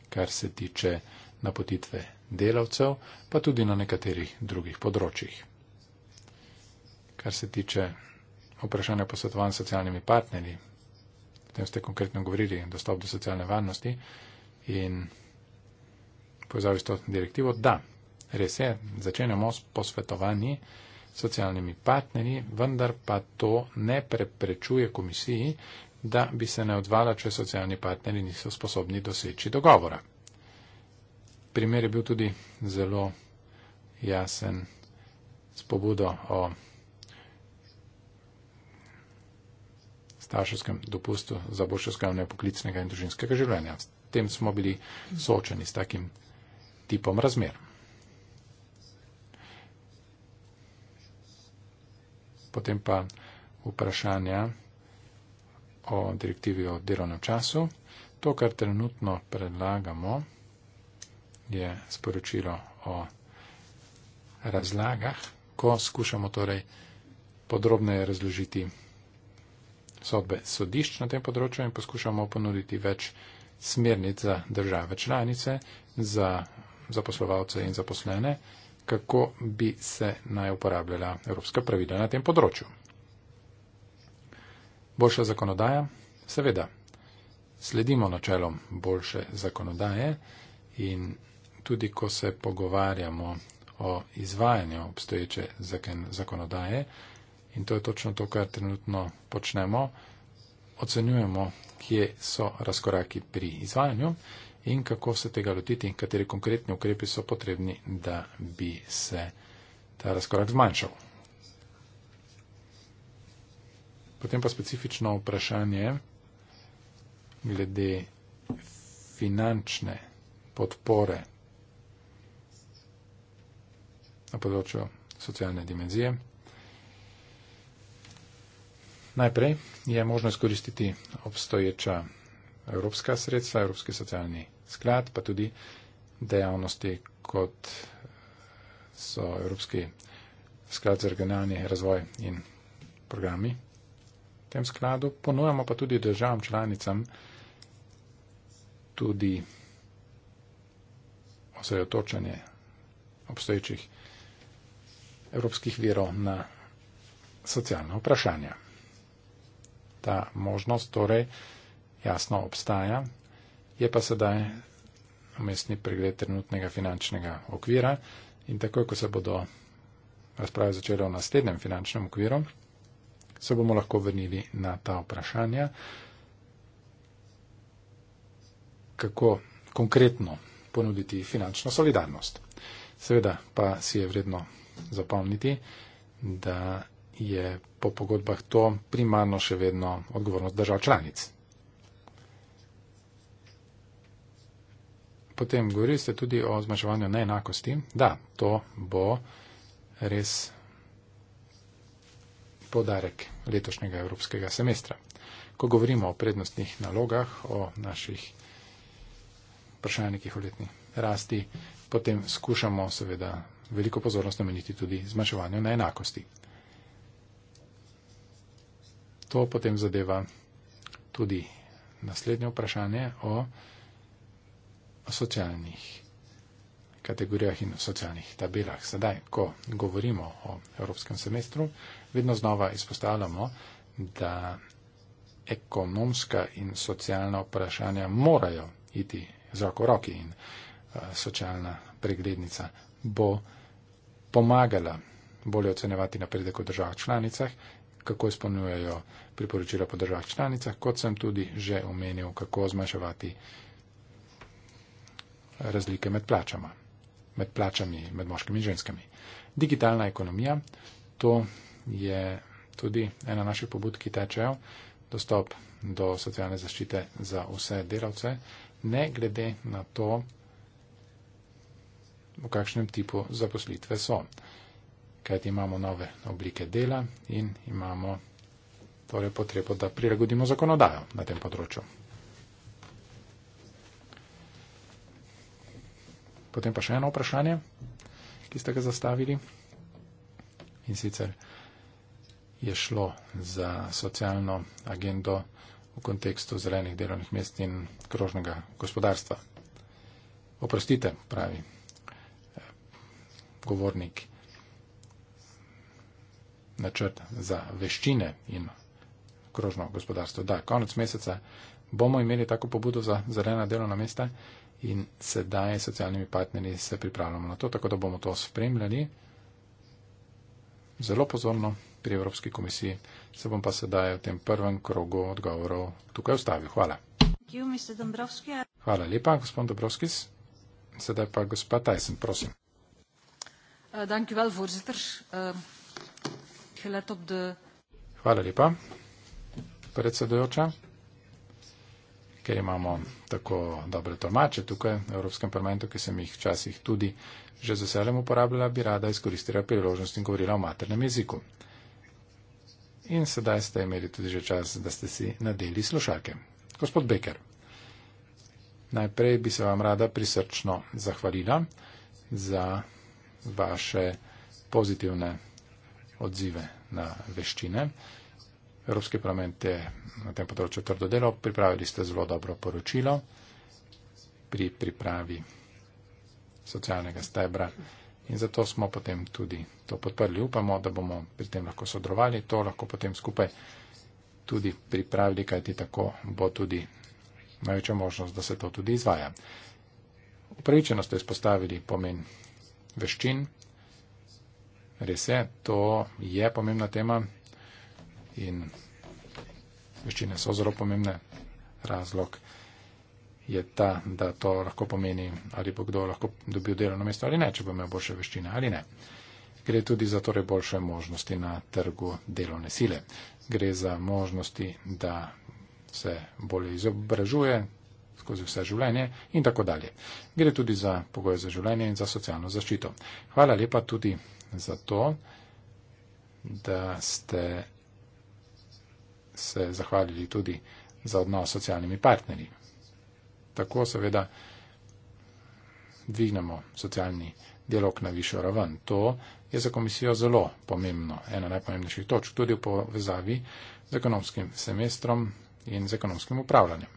kar se tiče napotitve delavcev, pa tudi na nekaterih drugih področjih. Kar se tiče vprašanja posvetovanj s socialnimi partnerji, o tem ste konkretno govorili, dostop do socialne varnosti in povezavi s to direktivo, da, res je, začenjamo s posvetovanji socialnimi partnerji, vendar pa to ne preprečuje komisiji, da bi se ne odvala, če socialni partnerji niso sposobni doseči dogovora. Primer je bil tudi zelo jasen s pobudo o starševskem dopustu za boljše skrajne poklicnega in družinskega življenja. S tem smo bili soočeni s takim tipom razmerom. potem pa vprašanja o direktivi o delovnem času. To, kar trenutno predlagamo, je sporočilo o razlagah, ko skušamo torej podrobneje razložiti sodbe sodišč na tem področju in poskušamo ponuditi več smernic za države članice, za zaposlovalce in zaposlene kako bi se naj uporabljala evropska pravila na tem področju. Boljša zakonodaja? Seveda. Sledimo načelom boljše zakonodaje in tudi, ko se pogovarjamo o izvajanju obstoječe zakonodaje, in to je točno to, kar trenutno počnemo, ocenjujemo, kje so razkoraki pri izvajanju in kako se tega lotiti in kateri konkretni ukrepi so potrebni, da bi se ta razkorak zmanjšal. Potem pa specifično vprašanje glede finančne podpore na področju socialne dimenzije. Najprej je možno izkoristiti obstoječa evropska sredstva, Evropski socialni sklad, pa tudi dejavnosti, kot so Evropski sklad za regionalni razvoj in programi. V tem skladu ponujamo pa tudi državam članicam tudi osredotočanje obstoječih evropskih virov na socialna vprašanja. Ta možnost torej jasno obstaja, je pa sedaj umestni pregled trenutnega finančnega okvira in takoj, ko se bodo razprave začele v naslednjem finančnem okviru, se bomo lahko vrnili na ta vprašanja, kako konkretno ponuditi finančno solidarnost. Seveda pa si je vredno zapomniti, da je po pogodbah to primarno še vedno odgovornost držav članic. potem govorili ste tudi o zmanjševanju neenakosti. Da, to bo res podarek letošnjega evropskega semestra. Ko govorimo o prednostnih nalogah, o naših vprašalnikih o letni rasti, potem skušamo seveda veliko pozornost nameniti tudi zmanjševanju neenakosti. To potem zadeva tudi naslednje vprašanje o socialnih kategorijah in socialnih tabelah. Sedaj, ko govorimo o evropskem semestru, vedno znova izpostavljamo, da ekonomska in socialna vprašanja morajo iti z roko v roki in eh, socialna preglednica bo pomagala bolje ocenevati napredek v državah članicah, kako izpolnjujejo priporočila po državah članicah, kot sem tudi že omenil, kako zmanjševati razlike med plačama, med plačami med moškimi in ženskami. Digitalna ekonomija, to je tudi ena naših pobud, ki tečejo, dostop do socialne zaščite za vse delavce, ne glede na to, v kakšnem tipu zaposlitve so. Kajti imamo nove oblike dela in imamo torej potrebo, da prilagodimo zakonodajo na tem področju. Potem pa še eno vprašanje, ki ste ga zastavili. In sicer je šlo za socialno agendo v kontekstu zelenih delovnih mest in krožnega gospodarstva. Oprostite, pravi eh, govornik, načrt za veščine in krožno gospodarstvo. Da, konec meseca bomo imeli tako pobudo za zelena delovna mesta, in sedaj s socialnimi partnerji se pripravljamo na to, tako da bomo to spremljali zelo pozorno pri Evropski komisiji. Se bom pa sedaj v tem prvem krogu odgovorov tukaj ustavil. Hvala. Hvala lepa, gospod Dobrovskis. Sedaj pa gospa Tyson, prosim. Eh, eh, Hvala lepa, predsedujoča ker imamo tako dobre tolmače tukaj v Evropskem parlamentu, ki sem jih včasih tudi že z veseljem uporabljala, bi rada izkoristila priložnost in govorila o maternem jeziku. In sedaj ste imeli tudi že čas, da ste si nadeli slušalke. Gospod Becker, najprej bi se vam rada prisrčno zahvalila za vaše pozitivne odzive na veščine. Evropski parlament je na tem področju trdo delo, pripravili ste zelo dobro poročilo pri pripravi socialnega stebra in zato smo potem tudi to podprli. Upamo, da bomo pri tem lahko sodrovali, to lahko potem skupaj tudi pripravili, kajti tako bo tudi največja možnost, da se to tudi izvaja. Upravičeno ste izpostavili pomen veščin. Res je, to je pomembna tema in veščine so zelo pomembne. Razlog je ta, da to lahko pomeni, ali bo kdo lahko dobil delovno mesto ali ne, če bo imel boljše veščine ali ne. Gre tudi za torej boljše možnosti na trgu delovne sile. Gre za možnosti, da se bolje izobražuje skozi vse življenje in tako dalje. Gre tudi za pogoje za življenje in za socialno zaščito. Hvala lepa tudi za to, da ste se zahvalili tudi za odnos s socialnimi partnerji. Tako seveda dvignemo socialni dialog na višjo raven. To je za komisijo zelo pomembno, ena najpomembnejših točk, tudi v povezavi z ekonomskim semestrom in z ekonomskim upravljanjem.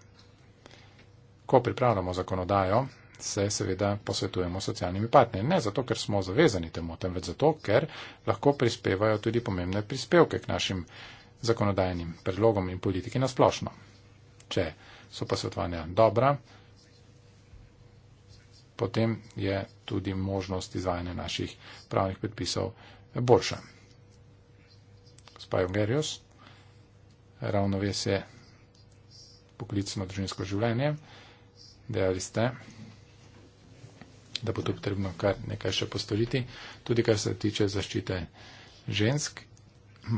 Ko pripravljamo zakonodajo, se seveda posvetujemo socialnimi partnerji. Ne zato, ker smo zavezani temu, temveč zato, ker lahko prispevajo tudi pomembne prispevke k našim zakonodajnim predlogom in politiki nasplošno. Če so pa svetovanja dobra, potem je tudi možnost izvajanja naših pravnih predpisov boljša. Spajo Gerjus, ravnovesje poklicno družinsko življenje, dejali ste, da bo to potrebno kar nekaj še postoriti, tudi kar se tiče zaščite žensk,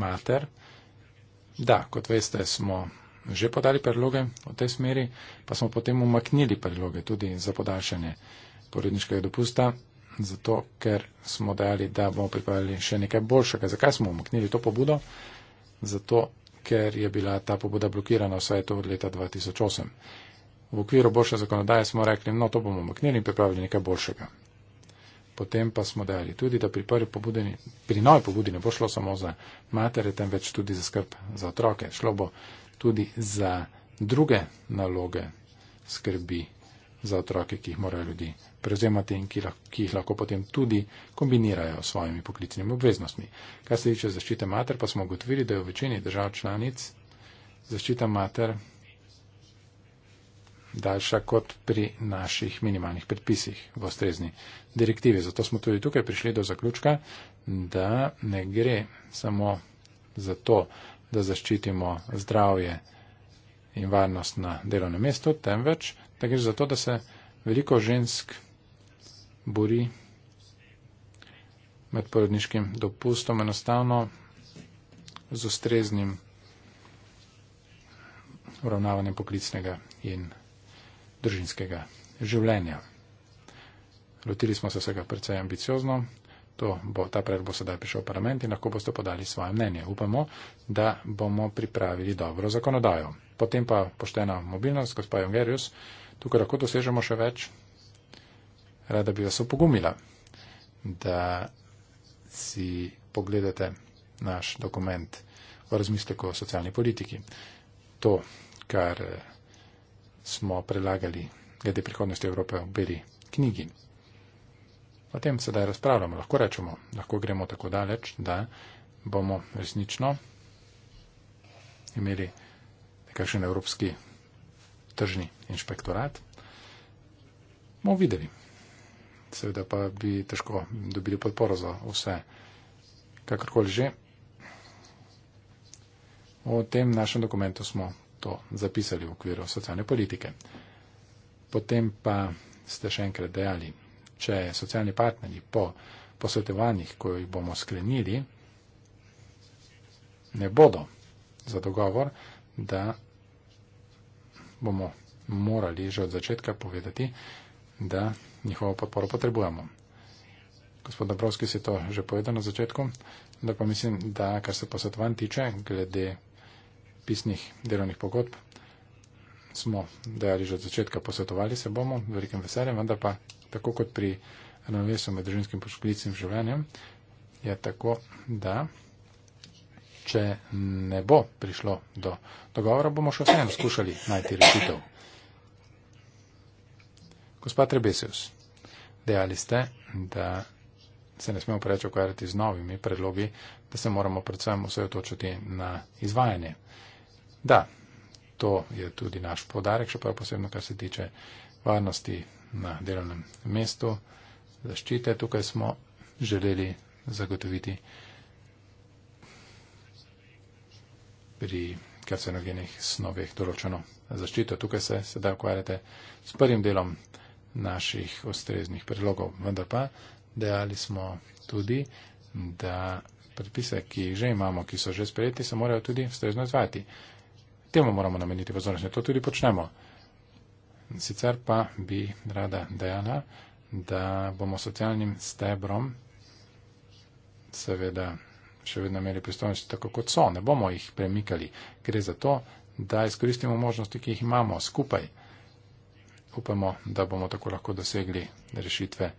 mater. Da, kot veste, smo že podali predloge v tej smeri, pa smo potem umaknili predloge tudi za podaljšanje porodniškega dopusta, zato ker smo dali, da bomo pripravili še nekaj boljšega. Zakaj smo umaknili to pobudo? Zato, ker je bila ta pobuda blokirana vse to od leta 2008. V okviru boljše zakonodaje smo rekli, no, to bomo umaknili in pripravili nekaj boljšega potem pa smo dali tudi, da pri prvi pobudeni, pri novi pobudi ne bo šlo samo za matere, temveč tudi za skrb za otroke. Šlo bo tudi za druge naloge skrbi za otroke, ki jih morajo ljudi prevzemati in ki, lahko, ki jih lahko potem tudi kombinirajo s svojimi poklicnimi obveznostmi. Kar se tiče zaščite mater, pa smo ugotovili, da je v večini držav članic zaščita mater daljša kot pri naših minimalnih predpisih v ustrezni direktivi. Zato smo tudi tukaj prišli do zaključka, da ne gre samo za to, da zaščitimo zdravje in varnost na delovnem mestu, temveč, da gre za to, da se veliko žensk bori med porodniškim dopustom enostavno z ustreznim uravnavanjem poklicnega in družinskega življenja. Lotili smo se vsega precej ambiciozno. To bo, ta predlog bo sedaj prišel v parlament in lahko boste podali svoje mnenje. Upamo, da bomo pripravili dobro zakonodajo. Potem pa poštena mobilnost, kot pa Jongerius, tukaj lahko dosežemo še več. Rada bi vas opogumila, da si pogledate naš dokument v razmisleku o socialni politiki. To, kar smo predlagali glede prihodnosti Evrope v beri knjigi. O tem sedaj razpravljamo, lahko rečemo, lahko gremo tako daleč, da bomo resnično imeli nekakšen evropski tržni inšpektorat. Bomo videli. Seveda pa bi težko dobili podporo za vse, kakorkoli že. O tem našem dokumentu smo to zapisali v okviru socialne politike. Potem pa ste še enkrat dejali, če socialni partnerji po posvetovanjih, ko jih bomo sklenili, ne bodo za dogovor, da bomo morali že od začetka povedati, da njihovo podporo potrebujemo. Gospod Dabrovski si to že povedal na začetku, da pa mislim, da kar se posvetovanj tiče glede pisnih delovnih pogodb. Smo dejali že od začetka, posvetovali se bomo z velikim veseljem, vendar pa tako kot pri ravnovesju med družinskim poškodicim življenjem, je tako, da če ne bo prišlo do dogovora, bomo še vseeno skušali najti rešitev. Gospod Rebesius, dejali ste, da se ne smemo preveč ukvarjati z novimi predlogi, da se moramo predvsem osredotočiti na izvajanje. Da, to je tudi naš podarek, še prav posebno, kar se tiče varnosti na delovnem mestu, zaščite. Tukaj smo želeli zagotoviti pri karcinogenih snovih določeno zaščito. Tukaj se sedaj ukvarjate s prvim delom naših ustreznih predlogov. Vendar pa dejali smo tudi, da predpise, ki jih že imamo, ki so že sprejeti, se morajo tudi ustrezno izvajati temu moramo nameniti pozornost. To tudi počnemo. Sicer pa bi rada dejala, da bomo socialnim stebrom seveda še vedno imeli pristojnosti tako, kot so. Ne bomo jih premikali. Gre za to, da izkoristimo možnosti, ki jih imamo skupaj. Upamo, da bomo tako lahko dosegli rešitve,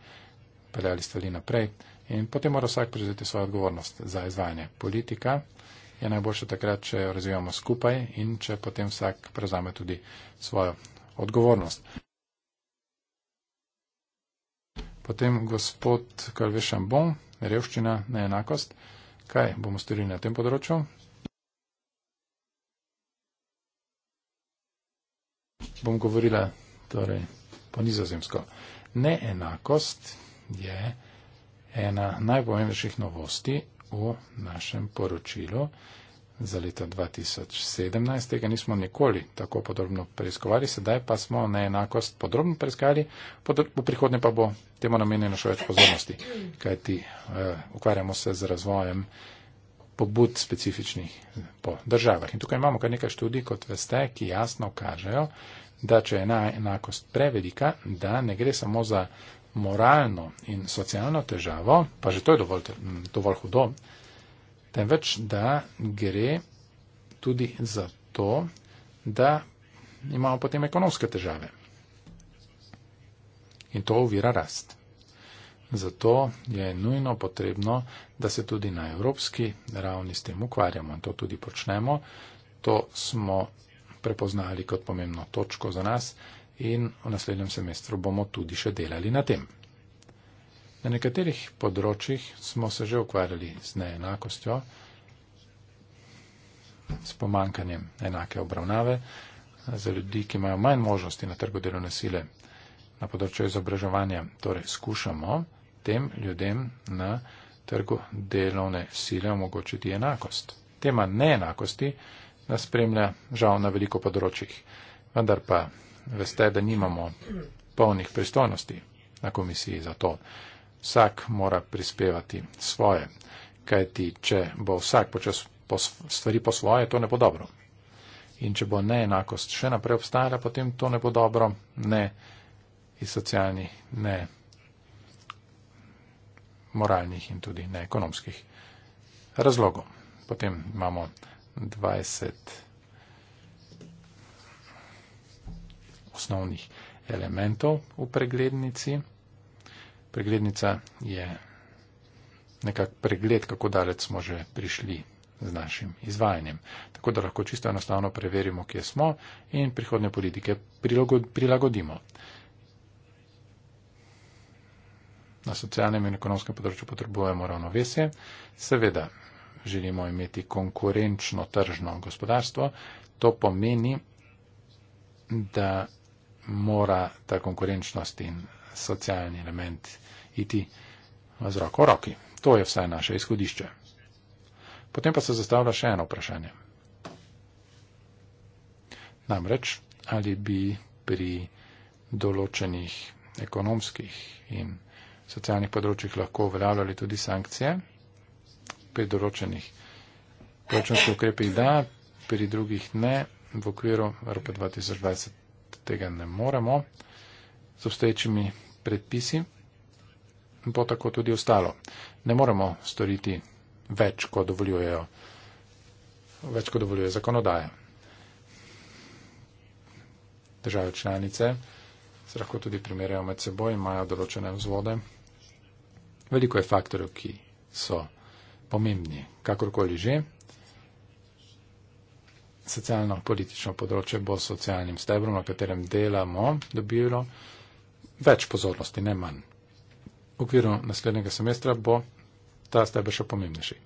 peljali stvari naprej in potem mora vsak prevzeti svojo odgovornost za izvajanje politika je najboljše takrat, če jo razvijamo skupaj in če potem vsak prevzame tudi svojo odgovornost. Potem gospod Kalvešan Bon, revščina, neenakost. Kaj bomo storili na tem področju? Bom govorila torej, po nizozemsko. Neenakost je ena najpomembnejših novosti o našem poročilu za leto 2017. Tega nismo nikoli tako podrobno preiskovali, sedaj pa smo na enakost podrobno preiskali, v prihodnje pa bo temu namenjeno še več pozornosti, kajti uh, ukvarjamo se z razvojem pobud specifičnih po državah. In tukaj imamo kar nekaj študij, kot veste, ki jasno kažejo, da če je ena enakost prevelika, da ne gre samo za moralno in socialno težavo, pa že to je dovolj, dovolj hudo, temveč da gre tudi za to, da imamo potem ekonomske težave. In to uvira rast. Zato je nujno potrebno, da se tudi na evropski ravni s tem ukvarjamo in to tudi počnemo. To smo prepoznali kot pomembno točko za nas in v naslednjem semestru bomo tudi še delali na tem. Na nekaterih področjih smo se že ukvarjali z neenakostjo, s pomankanjem enake obravnave za ljudi, ki imajo manj možnosti na trgu delovne sile na področju izobraževanja. Torej skušamo tem ljudem na trgu delovne sile omogočiti enakost. Tema neenakosti nas spremlja žal na veliko področjih, vendar pa veste, da nimamo polnih pristojnosti na komisiji za to. Vsak mora prispevati svoje, kajti če bo vsak počel stvari po svoje, to ne bo dobro. In če bo neenakost še naprej obstajala, potem to ne bo dobro, ne iz socialnih, ne moralnih in tudi ne ekonomskih razlogov. Potem imamo 20. osnovnih elementov v preglednici. Preglednica je nekak pregled, kako daleč smo že prišli z našim izvajanjem. Tako da lahko čisto enostavno preverimo, kje smo in prihodne politike prilagodimo. Na socialnem in ekonomskem področju potrebujemo ravnovesje. Seveda želimo imeti konkurenčno tržno gospodarstvo. To pomeni, da mora ta konkurenčnost in socialni element iti z roko v roki. To je vsaj naše izhodišče. Potem pa se zastavlja še eno vprašanje. Namreč, ali bi pri določenih ekonomskih in socialnih področjih lahko uveljavljali tudi sankcije, pri določenih proračunskih ukrepih da, pri drugih ne, v okviru Evrope 2020 tega ne moremo z obstoječimi predpisi. Bo tako tudi ostalo. Ne moremo storiti več, kot dovoljujejo, več, kot dovoljuje zakonodaja. Države članice se lahko tudi primerjajo med seboj, imajo določene vzvode. Veliko je faktorjev, ki so pomembni, kakorkoli že socialno-politično področje bo socialnim stebrom, na katerem delamo, dobilo več pozornosti, ne manj. V okviru naslednjega semestra bo ta steber še pomembnejši.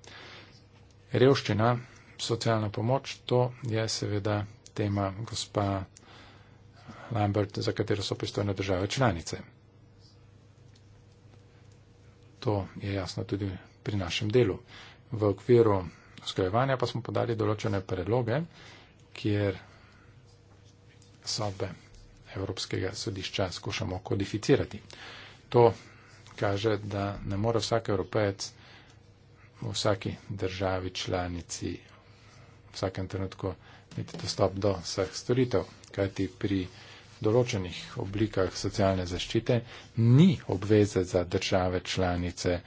Revščina, socialna pomoč, to je seveda tema gospa Lambert, za katero so pristojne države članice. To je jasno tudi pri našem delu. V okviru Skrajevanja pa smo podali določene predloge, kjer sodbe Evropskega sodišča skušamo kodificirati. To kaže, da ne more vsak evropejec v vsaki državi članici v vsakem trenutku imeti dostop do vseh storitev, kajti pri določenih oblikah socialne zaščite ni obveze za države članice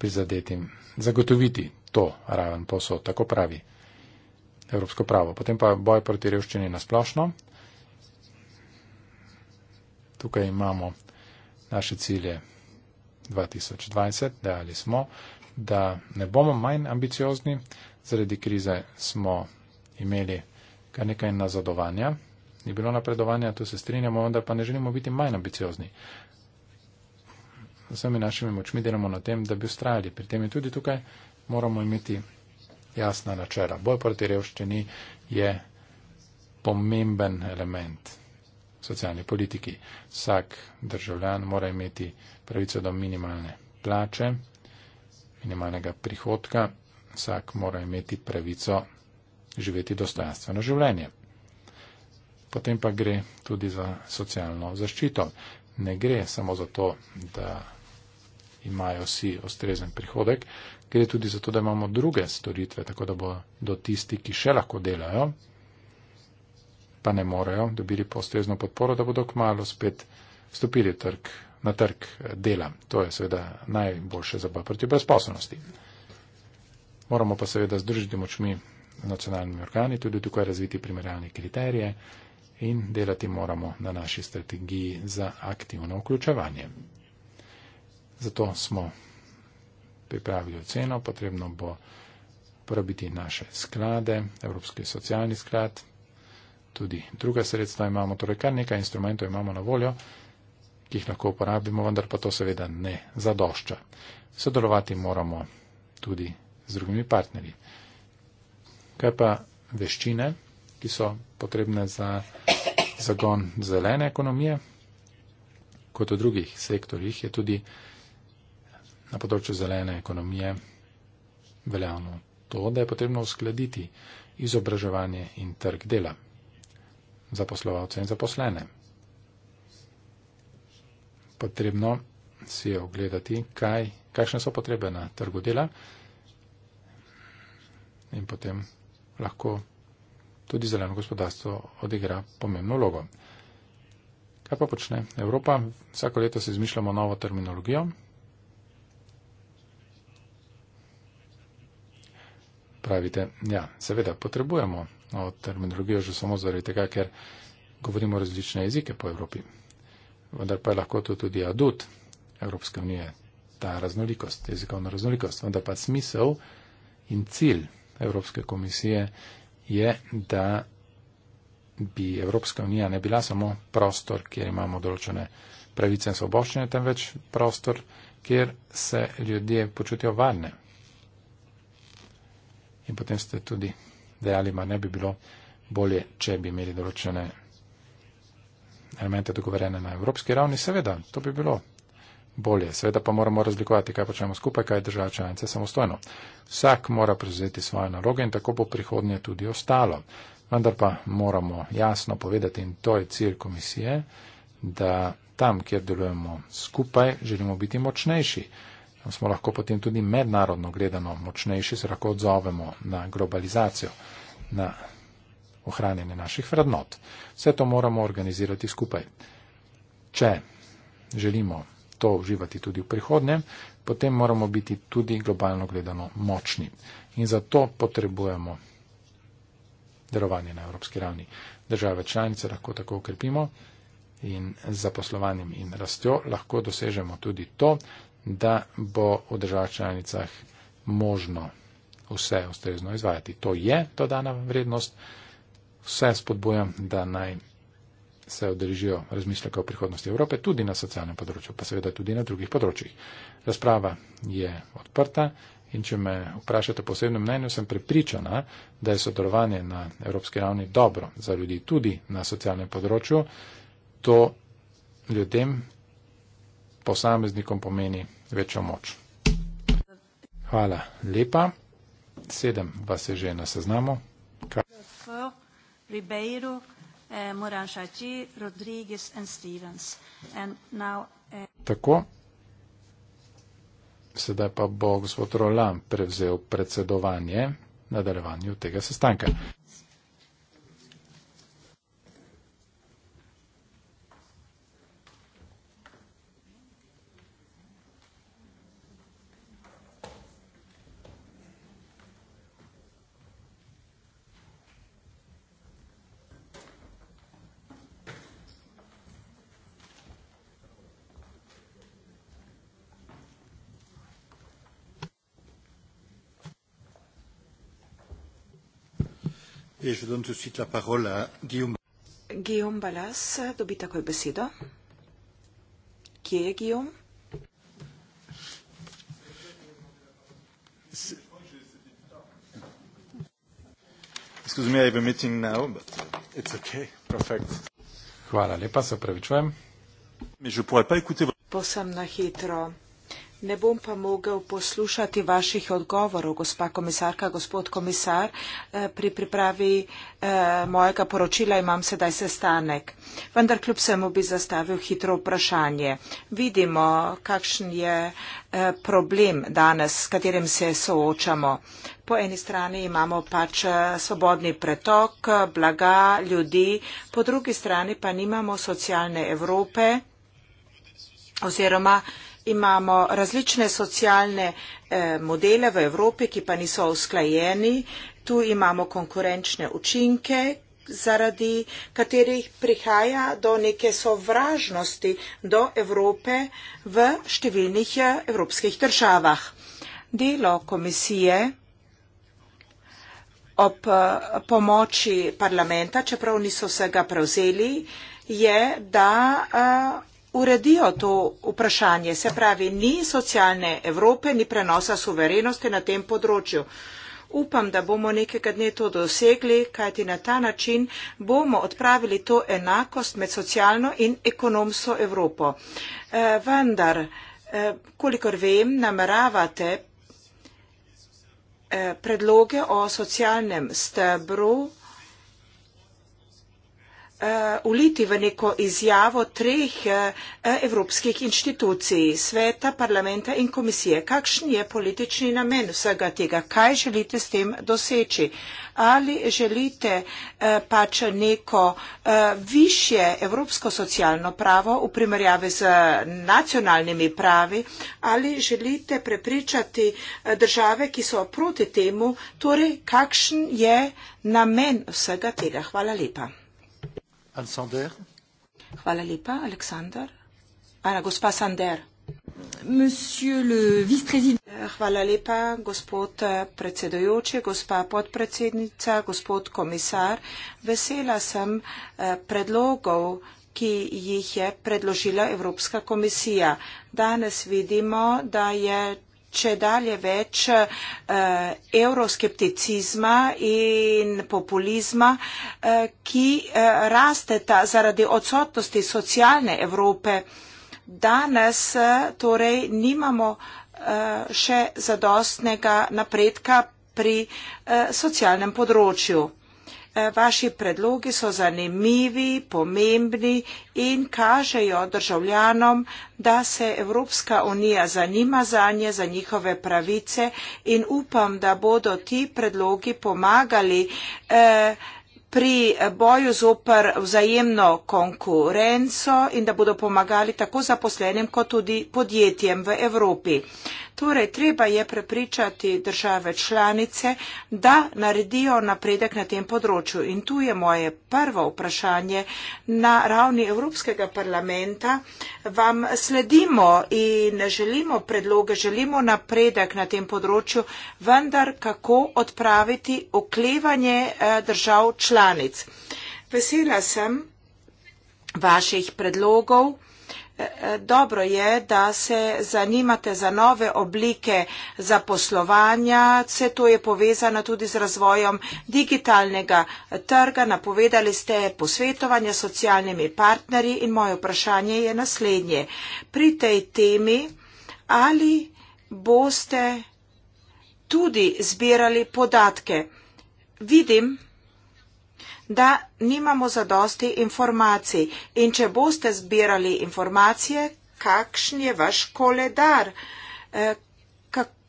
prizadetim zagotoviti 100 raven posod, tako pravi evropsko pravo. Potem pa boj proti revščini nasplošno. Tukaj imamo naše cilje 2020, dejali smo, da ne bomo manj ambiciozni, zaradi krize smo imeli kar nekaj nazadovanja, ni bilo napredovanja, tu se strinjamo, vendar pa ne želimo biti manj ambiciozni. Z vsemi našimi močmi delamo na tem, da bi ustrajali. Pri tem je tudi tukaj moramo imeti jasna načela. Boj proti revščini je pomemben element socialni politiki. Vsak državljan mora imeti pravico do minimalne plače, minimalnega prihodka, vsak mora imeti pravico živeti dostojanstveno življenje. Potem pa gre tudi za socialno zaščito. Ne gre samo za to, da imajo vsi ustrezen prihodek, gre tudi zato, da imamo druge storitve, tako da bo do tisti, ki še lahko delajo, pa ne morejo, dobili postrezno podporo, da bodo kmalo spet stopili trg, na trg eh, dela. To je seveda najboljše za boj proti brezposobnosti. Moramo pa seveda združiti močmi nacionalnimi organi, tudi tukaj razviti primerjalne kriterije in delati moramo na naši strategiji za aktivno vključevanje. Zato smo pripravili oceno, potrebno bo porabiti naše sklade, Evropski socialni sklad, tudi druga sredstva imamo, torej kar nekaj instrumentov imamo na voljo, ki jih lahko uporabimo, vendar pa to seveda ne zadošča. Sodelovati moramo tudi z drugimi partnerji. Kaj pa veščine, ki so potrebne za zagon zelene ekonomije? Kot v drugih sektorjih je tudi na področju zelene ekonomije veljavno to, da je potrebno uskladiti izobraževanje in trg dela za poslovalce in zaposlene. Potrebno si je ogledati, kaj, kakšne so potrebe na trgu dela in potem lahko tudi zeleno gospodarstvo odigra pomembno vlogo. Kaj pa počne Evropa? Vsako leto se izmišljamo novo terminologijo, pravite. Ja, seveda potrebujemo terminologijo že samo zaradi tega, ker govorimo različne jezike po Evropi. Vendar pa je lahko to tudi adut Evropske unije, ta raznolikost, jezikovna raznolikost. Vendar pa smisel in cilj Evropske komisije je, da bi Evropska unija ne bila samo prostor, kjer imamo določene pravice in svoboščine, temveč prostor, kjer se ljudje počutijo varne, In potem ste tudi dejali, da ne bi bilo bolje, če bi imeli določene elemente dogovorene na evropski ravni. Seveda, to bi bilo bolje. Seveda pa moramo razlikovati, kaj počnemo skupaj, kaj država članice samostojno. Vsak mora prevzeti svoje naloge in tako bo prihodnje tudi ostalo. Vendar pa moramo jasno povedati, in to je cilj komisije, da tam, kjer delujemo skupaj, želimo biti močnejši smo lahko potem tudi mednarodno gledano močnejši, se lahko odzovemo na globalizacijo, na ohranjanje naših vrednot. Vse to moramo organizirati skupaj. Če želimo to uživati tudi v prihodnje, potem moramo biti tudi globalno gledano močni. In zato potrebujemo delovanje na evropski ravni. Države članice lahko tako ukrepimo in z zaposlovanjem in rastjo lahko dosežemo tudi to, da bo v državah članicah možno vse ustrezno izvajati. To je dodana vrednost. Vse spodbujam, da naj se odrežijo razmisleke o prihodnosti Evrope, tudi na socialnem področju, pa seveda tudi na drugih področjih. Razprava je odprta in če me vprašate posebno mnenje, sem prepričana, da je sodelovanje na evropski ravni dobro za ljudi, tudi na socialnem področju. To ljudem posameznikom pomeni večjo moč. Hvala lepa. Sedem vas je že na seznamu. Eh, eh, Tako. Sedaj pa bo gospod Roland prevzel predsedovanje nadaljevanju tega sestanka. Et je donne tout de suite la parole à Guillaume. Guillaume Ballas, dobi takoj besedo. Kje je Guillaume? Excuse me, I have a meeting now, but it's okay, perfect. Hvala lepa, se opravičujem. Posem na hitro. Ne bom pa mogel poslušati vaših odgovorov, gospa komisarka, gospod komisar. Eh, pri pripravi eh, mojega poročila imam sedaj sestanek. Vendar kljub vsemu bi zastavil hitro vprašanje. Vidimo, kakšen je eh, problem danes, s katerim se soočamo. Po eni strani imamo pač svobodni pretok blaga ljudi, po drugi strani pa nimamo socialne Evrope oziroma imamo različne socialne eh, modele v Evropi, ki pa niso usklajeni. Tu imamo konkurenčne učinke, zaradi katerih prihaja do neke sovražnosti do Evrope v številnih eh, evropskih državah. Delo komisije ob eh, pomoči parlamenta, čeprav niso vsega prevzeli, je, da uredijo to vprašanje. Se pravi, ni socialne Evrope, ni prenosa suverenosti na tem področju. Upam, da bomo nekega dne to dosegli, kajti na ta način bomo odpravili to enakost med socialno in ekonomsko Evropo. E, vendar, e, kolikor vem, nameravate e, predloge o socialnem stebru uh, uliti v neko izjavo treh uh, evropskih inštitucij, sveta, parlamenta in komisije. Kakšen je politični namen vsega tega? Kaj želite s tem doseči? Ali želite uh, pač neko uh, više evropsko socialno pravo v primerjavi z nacionalnimi pravi? Ali želite prepričati uh, države, ki so proti temu? Torej, kakšen je namen vsega tega? Hvala lepa. Anne Sander. Hvala lepa, Aleksandar. Ara, gospa Sander. Monsieur le vice-président. Eh, hvala lepa, gospod eh, predsedojoči, gospa podpredsednica, gospod komisar. Vesela sem eh, predlogov, ki jih je predložila Evropska komisija. Danes vidimo, da je če dalje več eh, euroskepticizma in populizma, eh, ki eh, rasteta zaradi odsotnosti socialne Evrope. Danes eh, torej nimamo eh, še zadostnega napredka pri eh, socialnem področju. Vaši predlogi so zanimivi, pomembni in kažejo državljanom, da se Evropska unija zanima za nje, za njihove pravice in upam, da bodo ti predlogi pomagali eh, pri boju zoper vzajemno konkurenco in da bodo pomagali tako zaposlenim kot tudi podjetjem v Evropi. Torej, treba je prepričati države članice, da naredijo napredek na tem področju. In tu je moje prvo vprašanje na ravni Evropskega parlamenta. Vam sledimo in želimo predloge, želimo napredek na tem področju, vendar kako odpraviti oklevanje eh, držav članic članic. Vesela sem vaših predlogov. E, e, dobro je, da se zanimate za nove oblike zaposlovanja. Vse to je povezano tudi z razvojem digitalnega trga. Napovedali ste posvetovanje s socialnimi partnerji in moje vprašanje je naslednje. Pri tej temi ali boste tudi zbirali podatke? Vidim, da nimamo zadosti informacij. In če boste zbirali informacije, kakšen je vaš koledar? Eh,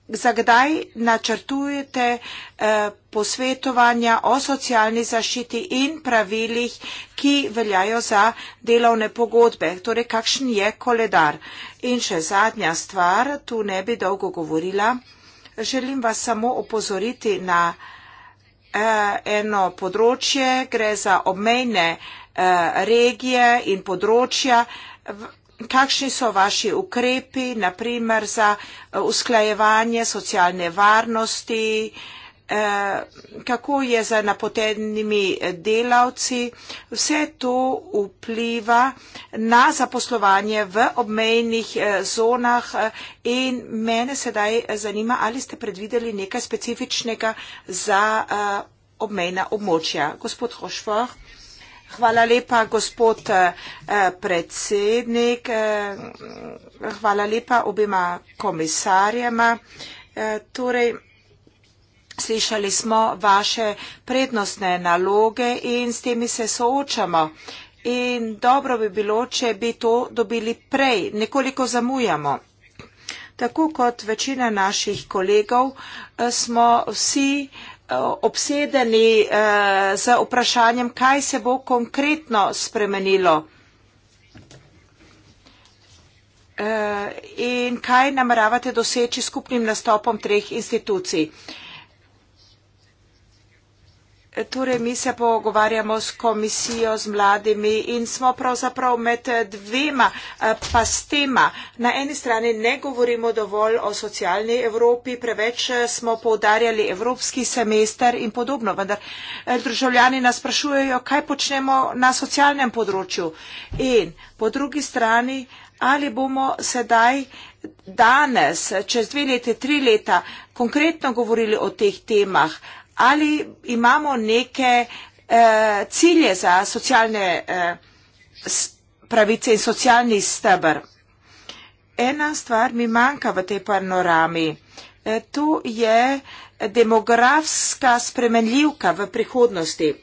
Zakdaj načrtujete eh, posvetovanja o socialni zaščiti in pravilih, ki veljajo za delovne pogodbe? Torej, kakšen je koledar? In še zadnja stvar, tu ne bi dolgo govorila. Želim vas samo opozoriti na eno področje, gre za obmejne eh, regije in področja. Kakšni so vaši ukrepi, naprimer za eh, usklajevanje socialne varnosti? Eh, kako je za napotenimi delavci. Vse to vpliva na zaposlovanje v obmejnih eh, zonah eh, in mene sedaj zanima, ali ste predvideli nekaj specifičnega za obmejna območja. Gospod Hošvah. Hvala lepa, gospod predsednik. Hvala lepa obima komisarjama. Torej, Slišali smo vaše prednostne naloge in s temi se soočamo. In dobro bi bilo, če bi to dobili prej. Nekoliko zamujamo. Tako kot večina naših kolegov eh, smo vsi eh, obsedeni eh, z vprašanjem, kaj se bo konkretno spremenilo in kaj nameravate doseči skupnim nastopom treh institucij. Torej, mi se pogovarjamo s komisijo, z mladimi in smo pravzaprav med dvema eh, pastema. Na eni strani ne govorimo dovolj o socialni Evropi, preveč eh, smo poudarjali evropski semester in podobno, vendar eh, državljani nas sprašujejo, kaj počnemo na socialnem področju. In po drugi strani, ali bomo sedaj danes, čez dve leti, tri leta, konkretno govorili o teh temah, ali imamo neke eh, cilje za socialne eh, pravice in socialni stebr. Ena stvar mi manjka v tej panorami. E, to je demografska spremenljivka v prihodnosti.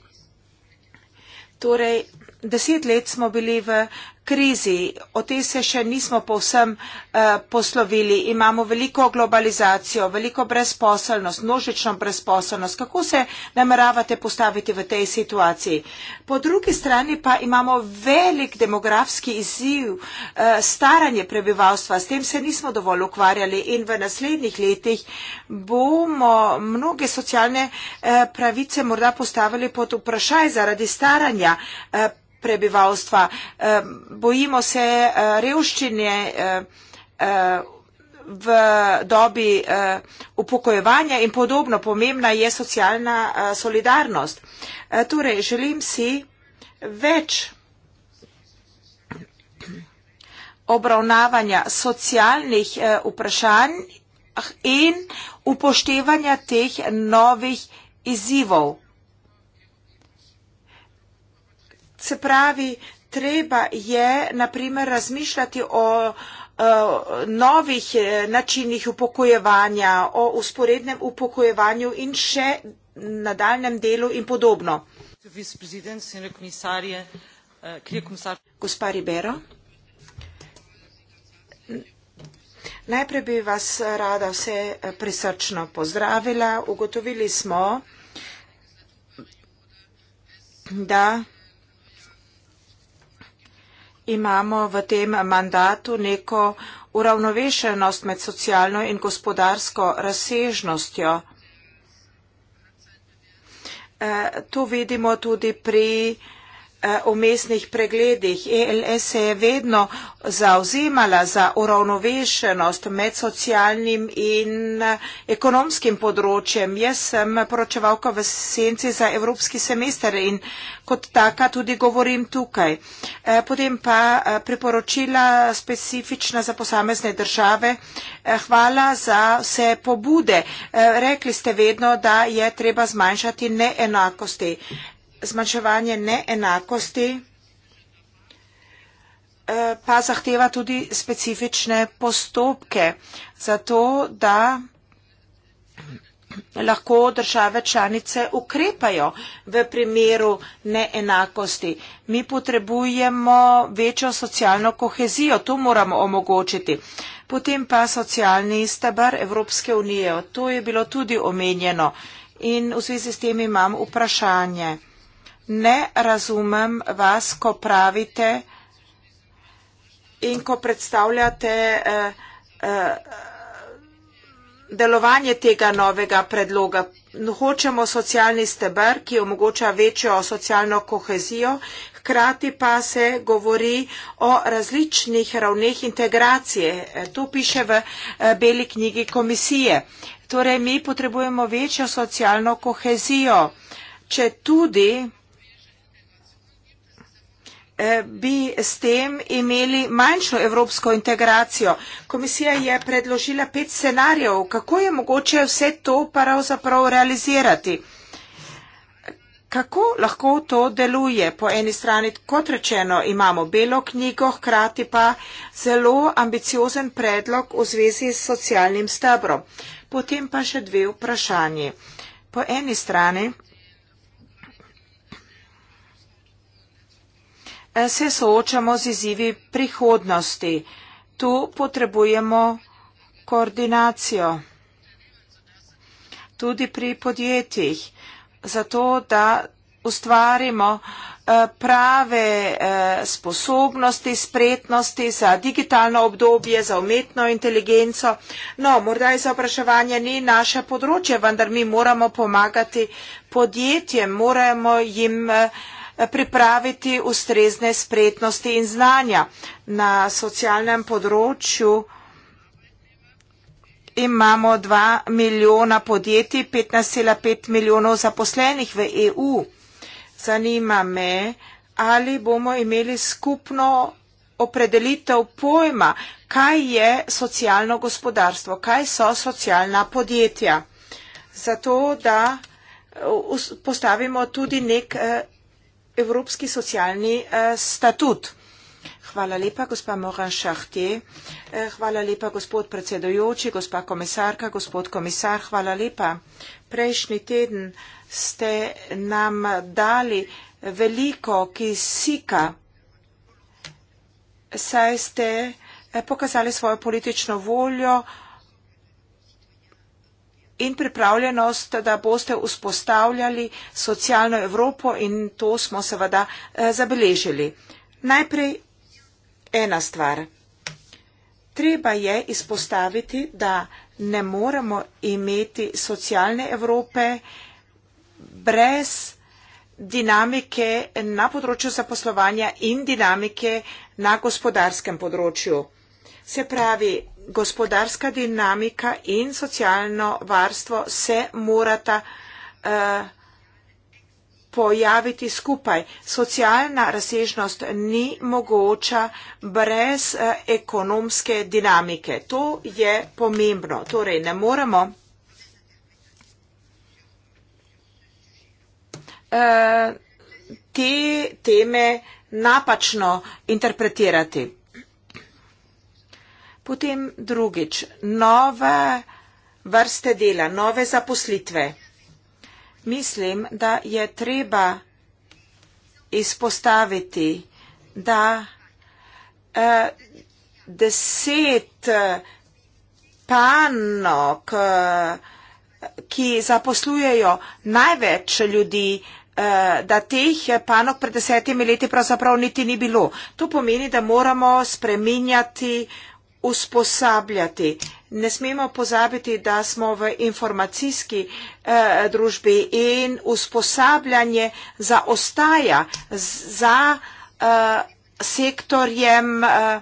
Torej, deset let smo bili v eh, krizi, od te se še nismo povsem uh, poslovili. Imamo veliko globalizacijo, veliko brezposelnost, množično brezposelnost. Kako se nameravate postaviti v tej situaciji? Po drugi strani pa imamo velik demografski izziv, uh, staranje prebivalstva. S tem se nismo dovolj ukvarjali in v naslednjih letih bomo mnoge socialne uh, pravice morda postavili pod vprašaj zaradi staranja. Uh, prebivalstva. Eh, bojimo se eh, revščine eh, v dobi upokojevanja in podobno pomembna je socialna solidarnost. Torej, želim si več obravnavanja socialnih vprašanj in upoštevanja teh novih izzivov. Se pravi, treba je naprimer razmišljati o novih eh, načinih upokojevanja, o usporednem upokojevanju in še nadaljem delu in podobno. Eh, Gospa Ribero, najprej bi vas rada vse eh, prisrčno pozdravila. Ugotovili smo, da imamo v tem mandatu neko uravnovešenost med socialno in gospodarsko razsežnostjo. Eh, to vidimo tudi pri razsežnosti Eh, omestnih pregledih. ELS se je vedno zauzemala za uravnovešenost med socialnim in eh, ekonomskim področjem. Jaz sem poročevalka v senci za evropski semester in kot taka tudi govorim tukaj. Eh, potem pa priporočila specifična za posamezne države. Hvala za vse pobude. Rekli ste vedno, da je treba zmanjšati neenakosti zmanjševanje neenakosti eh, pa zahteva tudi specifične postopke, zato da lahko države članice ukrepajo v primeru neenakosti. Mi potrebujemo večjo socialno kohezijo, to moramo omogočiti. Potem pa socialni stebar Evropske unije, to je bilo tudi omenjeno in v zvezi s tem imam vprašanje ne razumem vas, ko pravite in ko predstavljate eh, eh, delovanje tega novega predloga. Hočemo socialni steber, ki omogoča večjo socialno kohezijo, hkrati pa se govori o različnih ravneh integracije. Eh, to piše v beli knjigi komisije. Torej, mi potrebujemo večjo socialno kohezijo, če tudi bi s tem imeli manjšo evropsko integracijo. Komisija je predložila pet scenarijev, kako je mogoče vse to pravzaprav realizirati. Kako lahko to deluje? Po eni strani, kot rečeno, imamo belo knjigo, hkrati pa zelo ambiciozen predlog v zvezi s socialnim stebrom. Potem pa še dve vprašanje. Po eni strani se soočamo z izzivi prihodnosti. Tu potrebujemo koordinacijo. Tudi pri podjetjih. Zato, da ustvarimo eh, prave eh, sposobnosti, spretnosti za digitalno obdobje, za umetno inteligenco. No, morda izobraževanje ni naše področje, vendar mi moramo pomagati podjetjem, moramo jim pomagati eh, pripraviti ustrezne spretnosti in znanja. Na socialnem področju imamo 2 milijona podjetij, 15,5 milijonov zaposlenih v EU. Zanima me, ali bomo imeli skupno opredelitev pojma, kaj je socialno gospodarstvo, kaj so socialna podjetja. Zato, da eh, postavimo tudi nek eh, Evropski socialni eh, statut. Hvala lepa, gospa Moran Šahtje. Eh, hvala lepa, gospod predsedojoči, gospa komisarka, gospod komisar. Hvala lepa. Prejšnji teden ste nam dali veliko kisika, saj ste eh, pokazali svojo politično voljo, in pripravljenost, da boste vzpostavljali socialno Evropo in to smo seveda eh, zabeležili. Najprej ena stvar. Treba je izpostaviti, da ne moremo imeti socialne Evrope brez dinamike na področju zaposlovanja in dinamike na gospodarskem področju. Se pravi, gospodarska dinamika in socialno varstvo se morata uh, pojaviti skupaj. Socialna razsežnost ni mogoča brez uh, ekonomske dinamike. To je pomembno. Torej, ne moremo uh, te teme napačno interpretirati. Potem drugič, nove vrste dela, nove zaposlitve. Mislim, da je treba izpostaviti, da eh, deset eh, panok, eh, ki zaposlujejo največ ljudi, eh, da teh panok pred desetimi leti pravzaprav niti ni bilo. To pomeni, da moramo spreminjati eh, usposabljati. Ne smemo pozabiti, da smo v informacijski eh, družbi in usposabljanje zaostaja za eh, sektorjem eh,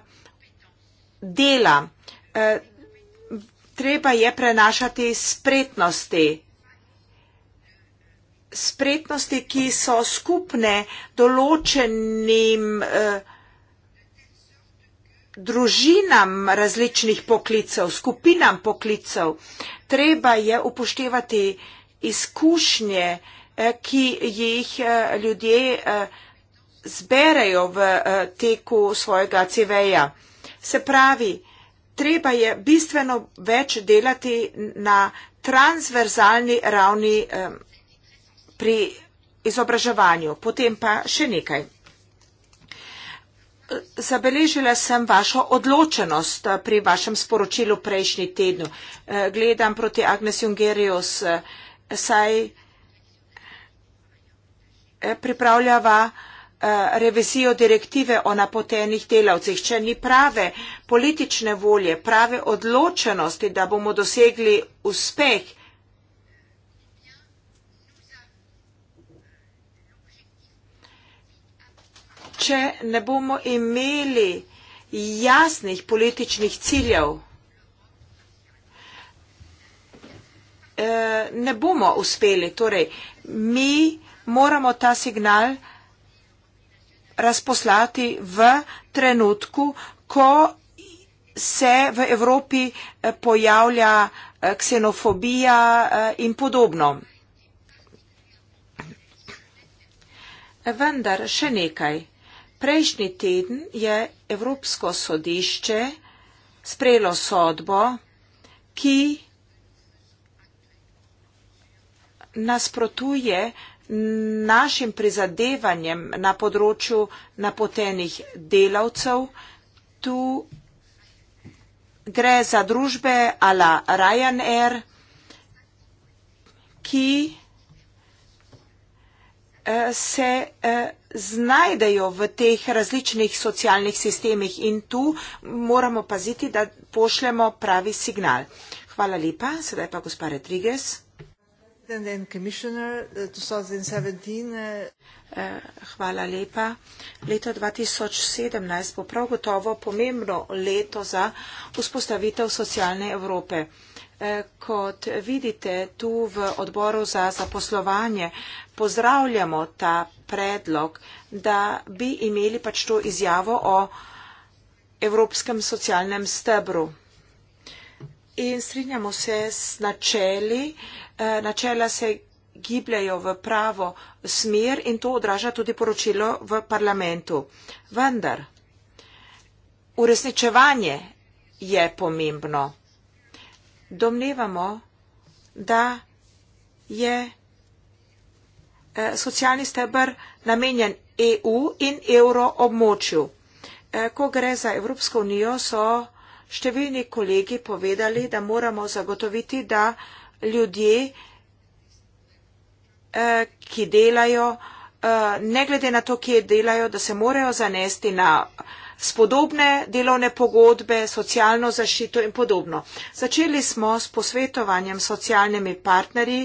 dela. Eh, treba je prenašati spretnosti. Spretnosti, ki so skupne določenim eh, družinam različnih poklicev, skupinam poklicev. Treba je upoštevati izkušnje, eh, ki jih eh, ljudje eh, zberejo v teku svojega CV-ja. Se pravi, treba je bistveno več delati na transverzalni ravni pri izobraževanju. Potem pa še nekaj zabeležila sem vašo odločenost eh, pri vašem sporočilu prejšnji tednu. Eh, gledam proti Agnes Jungerius, eh, saj pripravljava revizijo direktive o napotenih delavcih. Če ni prave politične volje, prave odločenosti, da bomo dosegli uspeh če ne bomo imeli jasnih političnih ciljev, e, ne bomo uspeli. Torej, mi moramo ta signal razposlati v trenutku, ko se v Evropi e, pojavlja e, ksenofobija in podobno. Vendar še nekaj. Prejšnji teden je Evropsko sodišče sprejelo sodbo, ki nasprotuje našim prizadevanjem na področju napotenih delavcev. Tu gre za družbe Ala Ryanair, ki se eh, znajdejo v teh različnih socialnih sistemih in tu moramo paziti, da pošljemo pravi signal. Hvala lepa, sedaj pa gospa Rodriguez. Eh, eh. Hvala lepa. Leto 2017 bo prav gotovo pomembno leto za vzpostavitev socialne Evrope. Kot vidite tu v odboru za zaposlovanje, pozdravljamo ta predlog, da bi imeli pač to izjavo o evropskem socialnem stebru. In strinjamo se s načeli, eh, načela se gibljajo v pravo smer in to odraža tudi poročilo v parlamentu. Vendar, uresničevanje je pomembno domnevamo, da je eh, socialni stebr namenjen EU in euroobmočju. Eh, ko gre za Evropsko unijo, so številni kolegi povedali, da moramo zagotoviti, da ljudje, eh, ki delajo, ne glede na to, kje delajo, da se morajo zanesti na spodobne delovne pogodbe, socialno zaščito in podobno. Začeli smo s posvetovanjem s socialnimi partnerji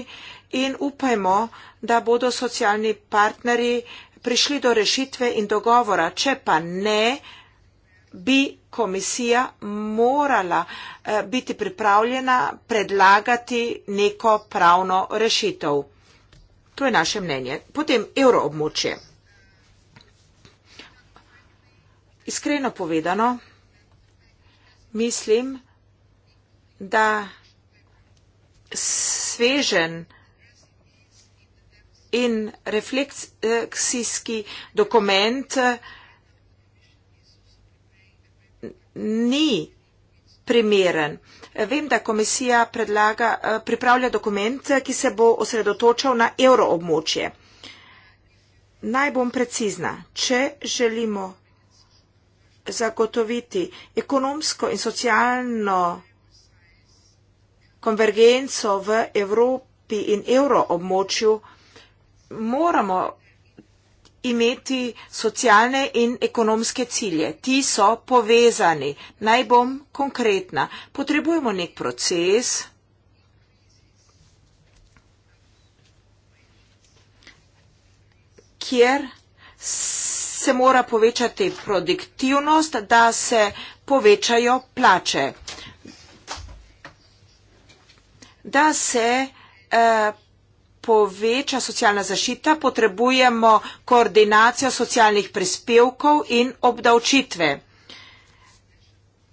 in upajmo, da bodo socialni partnerji prišli do rešitve in dogovora. Če pa ne, bi komisija morala eh, biti pripravljena predlagati neko pravno rešitev. To je naše mnenje. Potem evroobmočje. Iskreno povedano, mislim, da svežen in refleksijski dokument ni primeren. Vem, da komisija predlaga, pripravlja dokument, ki se bo osredotočal na evroobmočje. Naj bom precizna. Če želimo zagotoviti ekonomsko in socialno konvergenco v Evropi in evroobmočju, moramo imeti socialne in ekonomske cilje. Ti so povezani. Naj bom konkretna. Potrebujemo nek proces, kjer se mora povečati produktivnost, da se povečajo plače, da se uh, poveča socialna zašita, potrebujemo koordinacijo socialnih prispevkov in obdavčitve.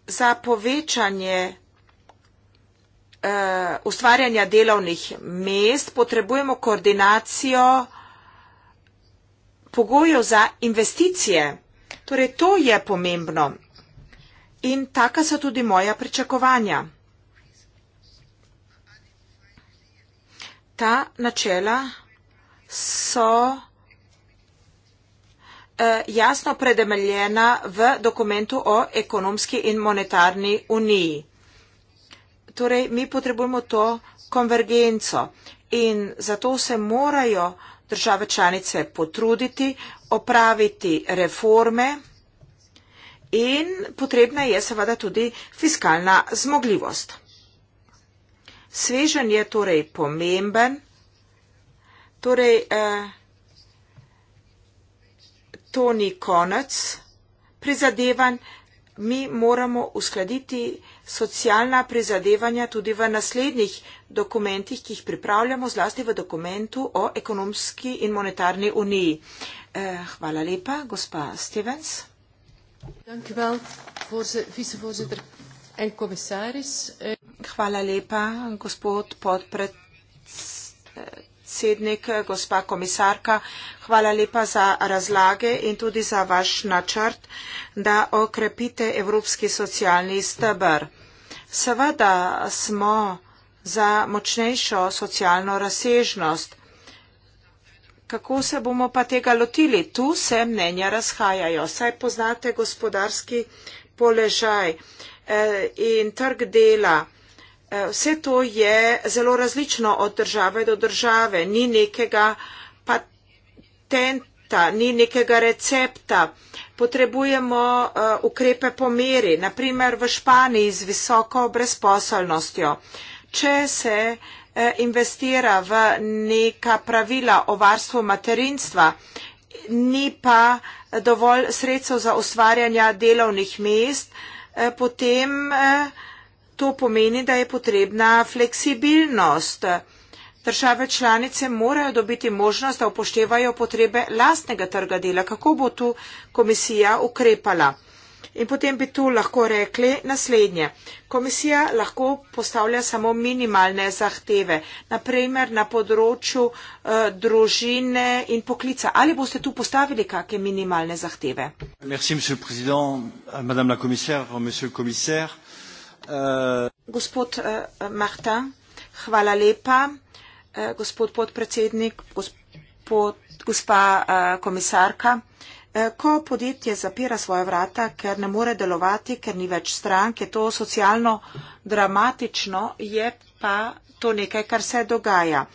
Za povečanje uh, ustvarjanja delovnih mest potrebujemo koordinacijo uh, pogojev za investicije. Torej, to je pomembno. In taka so tudi moja pričakovanja. Ta načela so eh, jasno predemeljena v dokumentu o ekonomski in monetarni uniji. Torej, mi potrebujemo to konvergenco in zato se morajo eh, države članice potruditi, opraviti reforme in potrebna je seveda tudi fiskalna zmogljivost. Svežen je torej pomemben, torej eh, to ni konec prizadevanj, mi moramo uskladiti socialna prizadevanja tudi v naslednjih dokumentih, ki jih pripravljamo, zlasti v dokumentu o ekonomski in monetarni uniji. Eh, hvala lepa, gospa Stevens. Eh, hvala lepa, gospod podpredsednik, gospa komisarka. Hvala lepa za razlage in tudi za vaš načrt, da okrepite Evropski socialni stebr. Seveda smo za močnejšo socialno razsežnost. Kako se bomo pa tega lotili? Tu se mnenja razhajajo. Saj poznate gospodarski položaj eh, in trg dela. Eh, vse to je zelo različno od države do države. Ni nekega patenta, ni nekega recepta. Potrebujemo eh, ukrepe po meri, naprimer v Španiji z visoko brezposobnostjo če se eh, investira v neka pravila o varstvu materinstva, ni pa dovolj sredstev za ustvarjanje delovnih mest, eh, potem eh, to pomeni, da je potrebna fleksibilnost. Države članice morajo dobiti možnost, da upoštevajo potrebe lastnega trga dela. Kako bo tu komisija ukrepala? In potem bi tu lahko rekli naslednje. Komisija lahko postavlja samo minimalne zahteve, naprimer na področju uh, družine in poklica. Ali boste tu postavili kakšne minimalne zahteve? Euh, euh, euh, gospod uh, eh, Marta, hvala lepa. Uh, gospod podpredsednik, gospod, gospa uh, komisarka. Uh, Eh, ko podjetje zapira svoje vrata, ker ne more delovati, ker ni več strank, je to socialno dramatično, je pa to nekaj, kar se dogaja.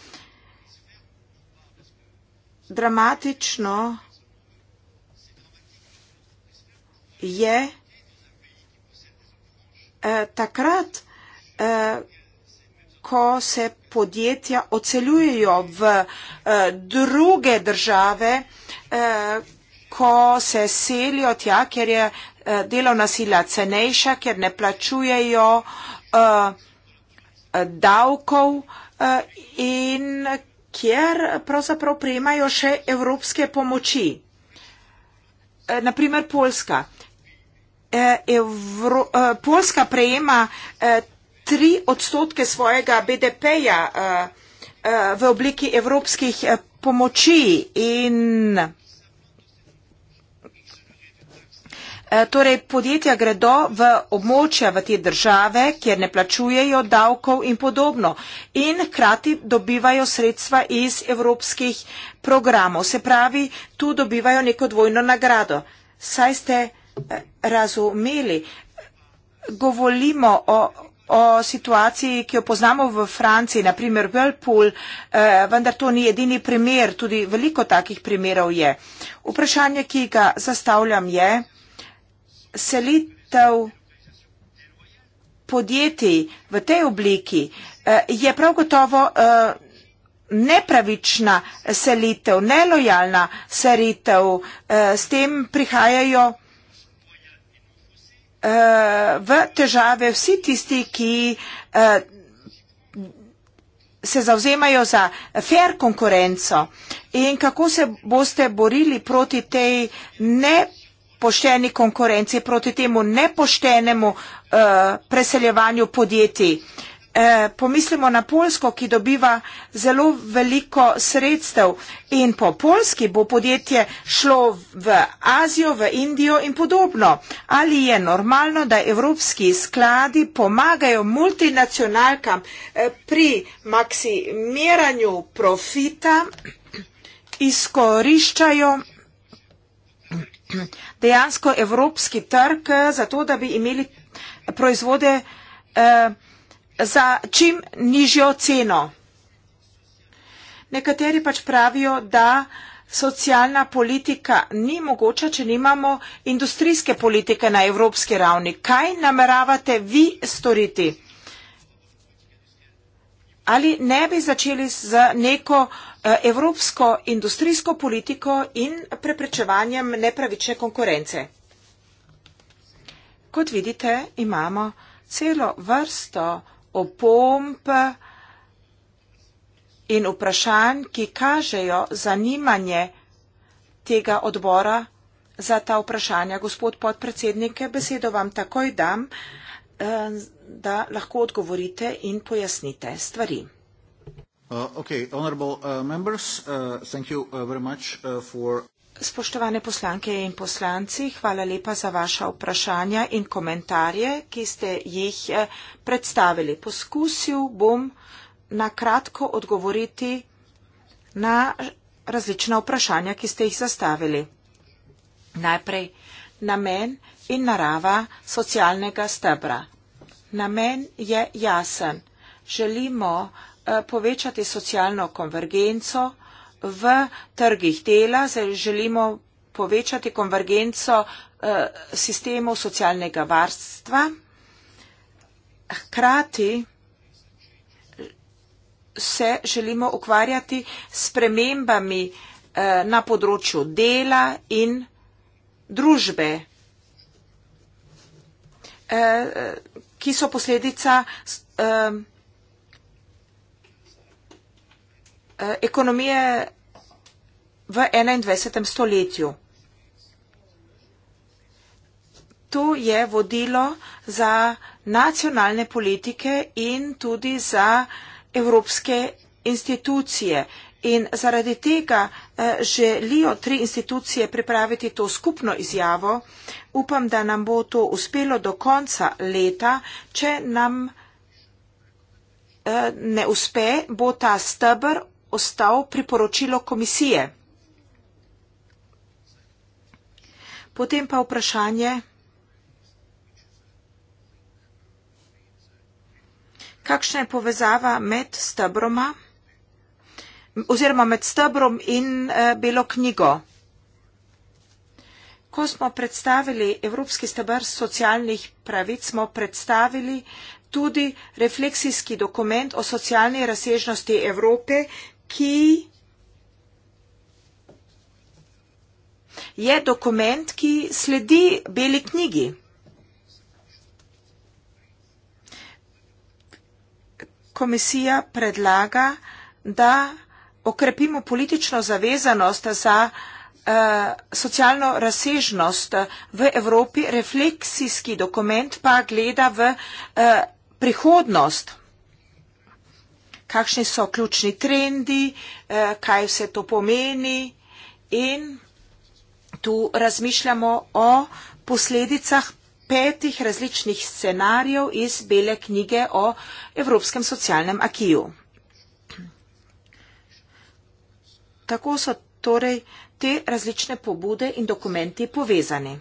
Dramatično je eh, takrat, eh, ko se podjetja oceljujejo v eh, druge države, eh, ko se selijo tja, ker je eh, delovna sila cenejša, ker ne plačujejo eh, davkov eh, in kjer pravzaprav prejmajo še evropske pomoči. Naprimer Poljska. Evro, Poljska prejema 3 odstotke svojega BDP-ja v obliki evropskih pomoči in Eh, torej, podjetja gredo v območja, v te države, kjer ne plačujejo davkov in podobno. In hkrati dobivajo sredstva iz evropskih programov. Se pravi, tu dobivajo neko dvojno nagrado. Saj ste eh, razumeli, govorimo o, o situaciji, ki jo poznamo v Franciji, naprimer Whirlpool, eh, vendar to ni edini primer, tudi veliko takih primerov je. Vprašanje, ki ga zastavljam, je, selitev podjetij v tej obliki eh, je prav gotovo eh, nepravična selitev, nelojalna selitev. Eh, s tem prihajajo v težave vsi tisti, ki se zauzemajo za fair konkurenco in kako se boste borili proti tej nepravičnosti pošteni konkurenci proti temu nepoštenemu uh, preseljevanju podjetij. Uh, pomislimo na Polsko, ki dobiva zelo veliko sredstev in po Polski bo podjetje šlo v Azijo, v Indijo in podobno. Ali je normalno, da evropski skladi pomagajo multinacionalkam uh, pri maksimiranju profita, izkoriščajo dejansko evropski trg, eh, zato da bi imeli proizvode eh, za čim nižjo ceno. Nekateri pač pravijo, da socialna politika ni mogoča, če nimamo industrijske politike na evropski ravni. Kaj nameravate vi storiti? Ali ne bi začeli z neko Eh, evropsko industrijsko politiko in preprečevanjem nepravične konkurence. Kot vidite, imamo celo vrsto opomp in vprašanj, ki kažejo zanimanje tega odbora za ta vprašanja. Gospod podpredsednike, besedo vam takoj dam, eh, da lahko odgovorite in pojasnite stvari. Uh, okay, honorable uh, members, uh, thank you uh, very much uh, for Spoštovane poslanke in poslanci, hvala lepa za vaša vprašanja in komentarje, ki ste jih uh, predstavili. Poskusil bom na kratko odgovoriti na različna vprašanja, ki ste jih zastavili. Najprej namen in narava socialnega stebra. Namen je jasen. Želimo Eh, povečati socialno konvergenco v trgih dela, zdaj želimo povečati konvergenco eh, sistemov socialnega varstva. Hkrati se želimo ukvarjati s premembami eh, na področju dela in družbe, ki so posledica Eh, ekonomije v 21. stoletju. Tu je vodilo za nacionalne politike in tudi za evropske institucije. In zaradi tega eh, želijo tri institucije pripraviti to skupno izjavo. Upam, da nam bo to uspelo do konca leta. Če nam eh, ne uspe, bo ta stebr ostal priporočilo komisije. Potem pa vprašanje, kakšna je povezava med stebroma oziroma med stebrom in eh, belo knjigo. Ko smo predstavili Evropski stebr socialnih pravic, smo predstavili tudi refleksijski dokument o socialni razsežnosti Evrope, ki je dokument, ki sledi beli knjigi. Komisija predlaga, da okrepimo politično zavezanost za eh, socialno razsežnost v Evropi, refleksijski dokument pa gleda v eh, prihodnost kakšni so ključni trendi, eh, kaj vse to pomeni in tu razmišljamo o posledicah petih različnih scenarijev iz bele knjige o Evropskem socialnem akiju. Tako so torej te različne pobude in dokumenti povezani.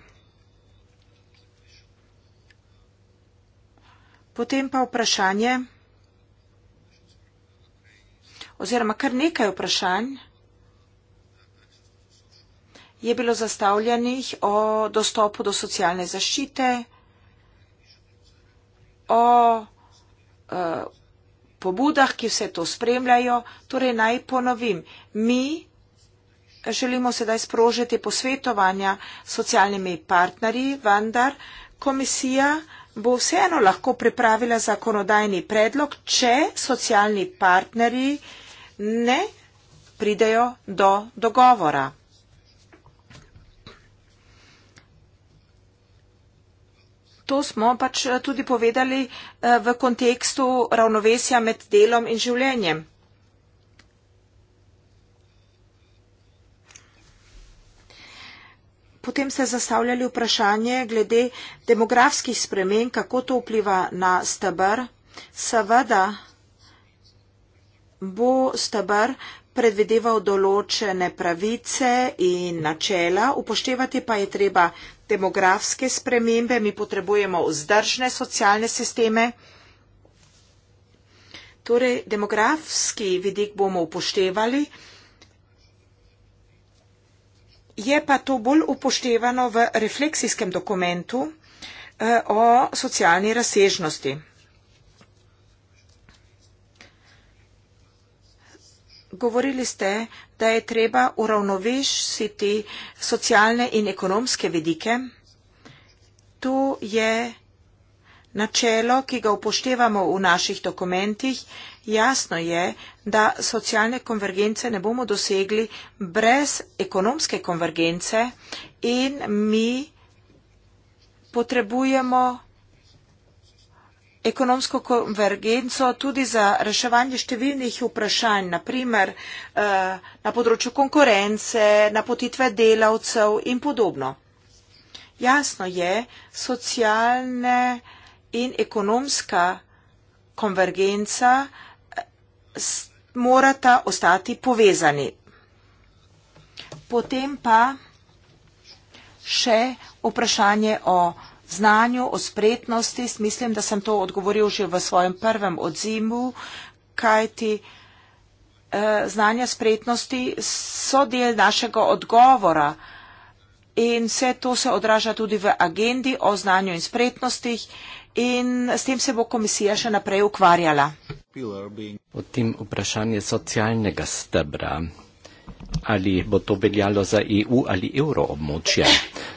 Potem pa vprašanje oziroma kar nekaj vprašanj je bilo zastavljenih o dostopu do socialne zaščite, o uh, pobudah, ki vse to spremljajo. Torej naj ponovim, mi želimo sedaj sprožiti posvetovanja s socialnimi partnerji, vendar komisija bo vseeno lahko pripravila zakonodajni predlog, če socialni partnerji uh, ne pridejo do dogovora. To smo pač eh, tudi povedali eh, v kontekstu ravnovesja med delom in življenjem. Potem ste zastavljali vprašanje glede demografskih spremen, kako to vpliva na stebr. Seveda bo stabar predvideval določene pravice in načela, upoštevati pa je treba demografske spremembe, mi potrebujemo vzdržne socialne sisteme. Torej, demografski vidik bomo upoštevali, je pa to bolj upoštevano v refleksijskem dokumentu eh, o socialni razsežnosti. Govorili ste, da je treba uravnovešiti socialne in ekonomske vidike. Tu je načelo, ki ga upoštevamo v naših dokumentih. Jasno je, da socialne konvergence ne bomo dosegli brez ekonomske konvergence in mi potrebujemo ekonomsko konvergenco tudi za reševanje številnih vprašanj, naprimer eh, na področju konkurence, napotitve delavcev in podobno. Jasno je, socialne in ekonomska konvergenca morata ostati povezani. Potem pa še vprašanje o vprašanju znanju, o spretnosti. Mislim, da sem to odgovoril že v svojem prvem odzimu, kajti eh, znanja spretnosti so del našega odgovora in vse to se odraža tudi v agendi o znanju in spretnostih in s tem se bo komisija še naprej ukvarjala. Potem vprašanje socialnega stebra ali bo to veljalo za EU ali evroobmočje.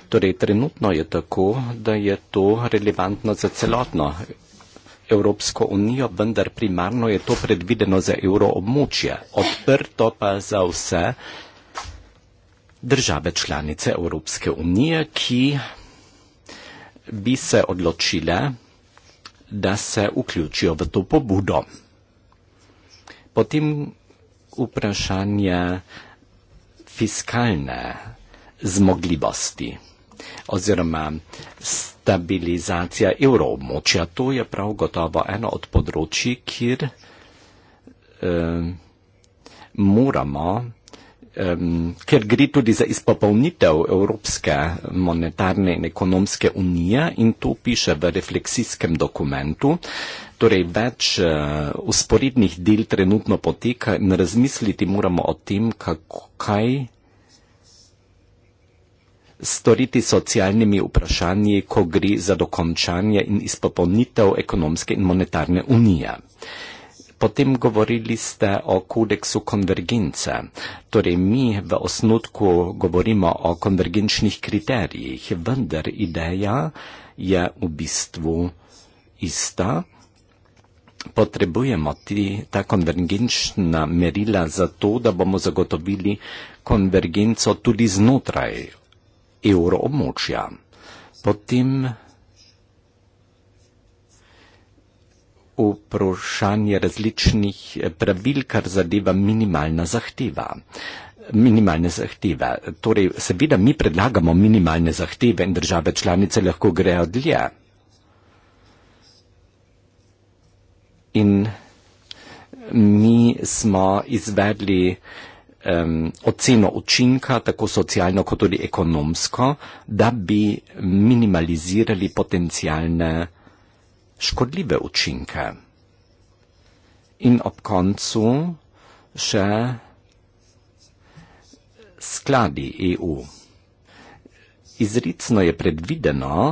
Torej, trenutno je tako, da je to relevantno za celotno Evropsko unijo, vendar primarno je to predvideno za evroobmočje, odprto pa za vse države članice Evropske unije, ki bi se odločile, da se vključijo v to pobudo. Potem vprašanje fiskalne zmogljivosti oziroma stabilizacija evroobmočja. To je prav gotovo eno od področji, kjer eh, moramo, eh, ker gre tudi za izpopolnitev Evropske monetarne in ekonomske unije in to piše v refleksijskem dokumentu, eh, Torej, več uh, eh, usporednih del trenutno poteka in razmisliti moramo o tem, kako, kaj storiti socialnimi vprašanji, ko gre za dokončanje in izpopolnitev ekonomske in monetarne unije. Potem govorili ste o kodeksu konvergence. Torej, mi v osnutku govorimo o konvergenčnih kriterijih, vendar ideja je v bistvu ista potrebujemo ti, ta konvergenčna merila za to, da bomo zagotovili konvergenco tudi znotraj evroobmočja. Potem vprašanje različnih pravil, kar zadeva minimalna zahteva. Minimalne zahteve. Torej, seveda mi predlagamo minimalne zahteve in države članice lahko grejo dlje. In mi smo izvedli um, oceno učinka, tako socialno kot tudi ekonomsko, da bi minimalizirali potencijalne škodljive učinke. In ob koncu še skladi EU. Izricno je predvideno,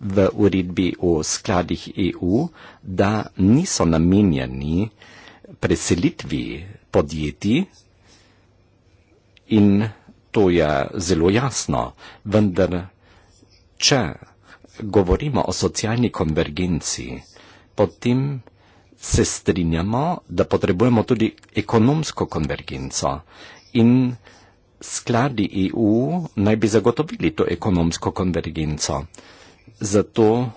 v uredbi o skladih EU, da niso namenjeni preselitvi podjetij in to je zelo jasno, vendar če govorimo o socialni konvergenci, potem se strinjamo, da potrebujemo tudi ekonomsko konvergenco in skladi EU naj bi zagotovili to ekonomsko konvergenco zato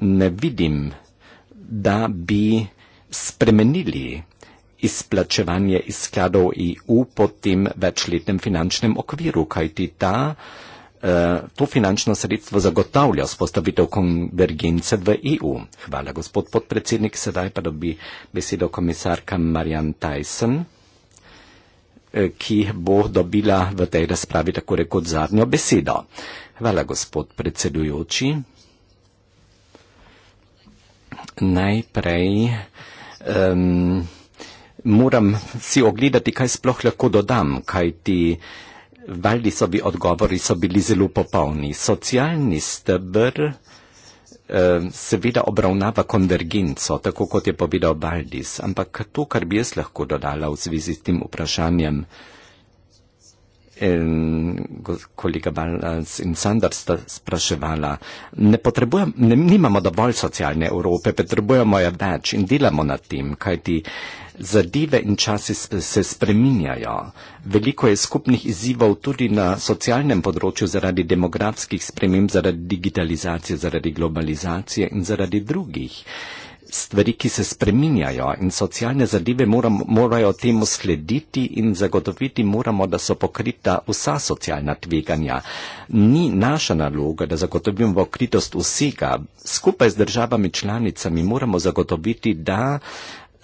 ne vidim, da bi spremenili izplačevanje iz skladov EU po tem večletnem finančnem okviru, kajti ta, eh, to finančno sredstvo zagotavlja spostavitev konvergence v EU. Hvala, gospod podpredsednik. Sedaj pa dobi besedo komisarka Marian Tyson. Eh, ki bo dobila v tej razpravi tako rekoč zadnjo besedo. Hvala, gospod predsedujoči. Najprej um, moram si ogledati, kaj sploh lahko dodam, kaj ti valdisovi odgovori so bili zelo popolni. Socialni stebr Eh, seveda obravnava konvergenco, tako kot je povedal Baldis, ampak to, kar bi jaz lahko dodala v zvezi s tem vprašanjem, in, kolega Balans in Sandar sta spraševala, ne potrebujemo, ne, nimamo dovolj socialne Evrope, potrebujemo jo več in delamo nad tem, kaj ti zadeve in časi sp se spreminjajo. Veliko je skupnih izzivov tudi na socialnem področju zaradi demografskih sprememb, zaradi digitalizacije, zaradi globalizacije in zaradi drugih stvari, ki se spreminjajo in socialne zadeve moram, morajo temu slediti in zagotoviti moramo, da so pokrita vsa socialna tveganja. Ni naša naloga, da zagotovimo pokritost vsega. Skupaj z državami članicami moramo zagotoviti, da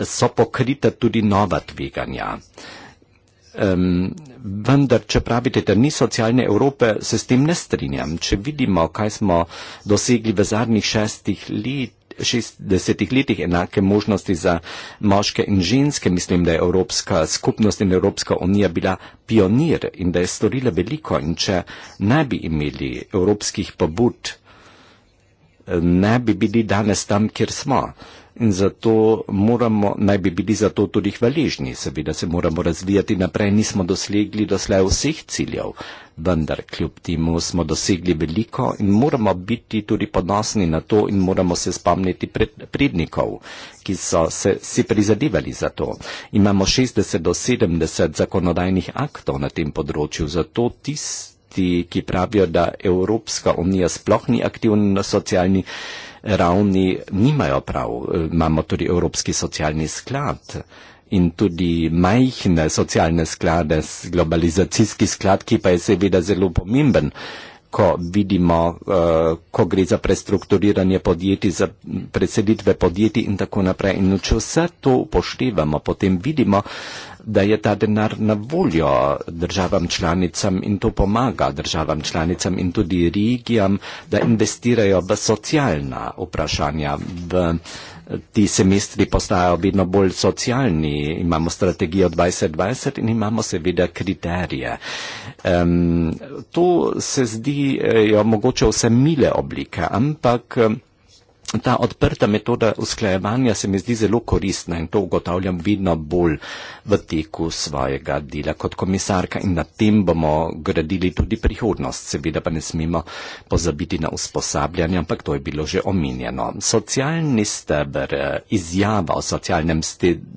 so pokrita tudi nova tveganja. Um, vendar, če pravite, da ni socialne Evrope, se s tem ne strinjam. Če vidimo, kaj smo dosegli v zadnjih šestih let, 60-ih letih enake možnosti za moške in ženske. Mislim, da je Evropska skupnost in Evropska unija bila pionir in da je storila veliko in če ne bi imeli evropskih pobud, ne bi bili danes tam, kjer smo in zato moramo, naj bi bili zato tudi hvaležni, seveda se moramo razvijati naprej, nismo dosegli doslej vseh ciljev, vendar kljub temu smo dosegli veliko in moramo biti tudi ponosni na to in moramo se spomniti pred, prednikov, ki so se, si prizadevali za to. Imamo 60 do 70 zakonodajnih aktov na tem področju, zato tisti, ki pravijo, da Evropska unija sploh ni aktivna na socialni ravni nimajo prav. Imamo tudi Evropski socialni sklad in tudi majhne socialne sklade, globalizacijski sklad, ki pa je seveda zelo pomemben. Ko vidimo, eh, ko gre za prestrukturiranje podjetij, za preseditve podjetij in tako naprej. In če vse to upoštevamo, potem vidimo, da je ta denar na voljo državam članicam in to pomaga državam članicam in tudi regijam, da investirajo v socialna vprašanja. V ti semestri postajajo vedno bolj socialni, imamo strategijo 2020 in imamo seveda kriterije. Um, to se zdijo mogoče vse mile oblike, ampak ta odprta metoda usklajevanja se mi zdi zelo koristna in to ugotavljam vedno bolj v teku svojega dela kot komisarka in na tem bomo gradili tudi prihodnost. Seveda pa ne smemo pozabiti na usposabljanje, ampak to je bilo že omenjeno. Socialni stebr, izjava o socialnem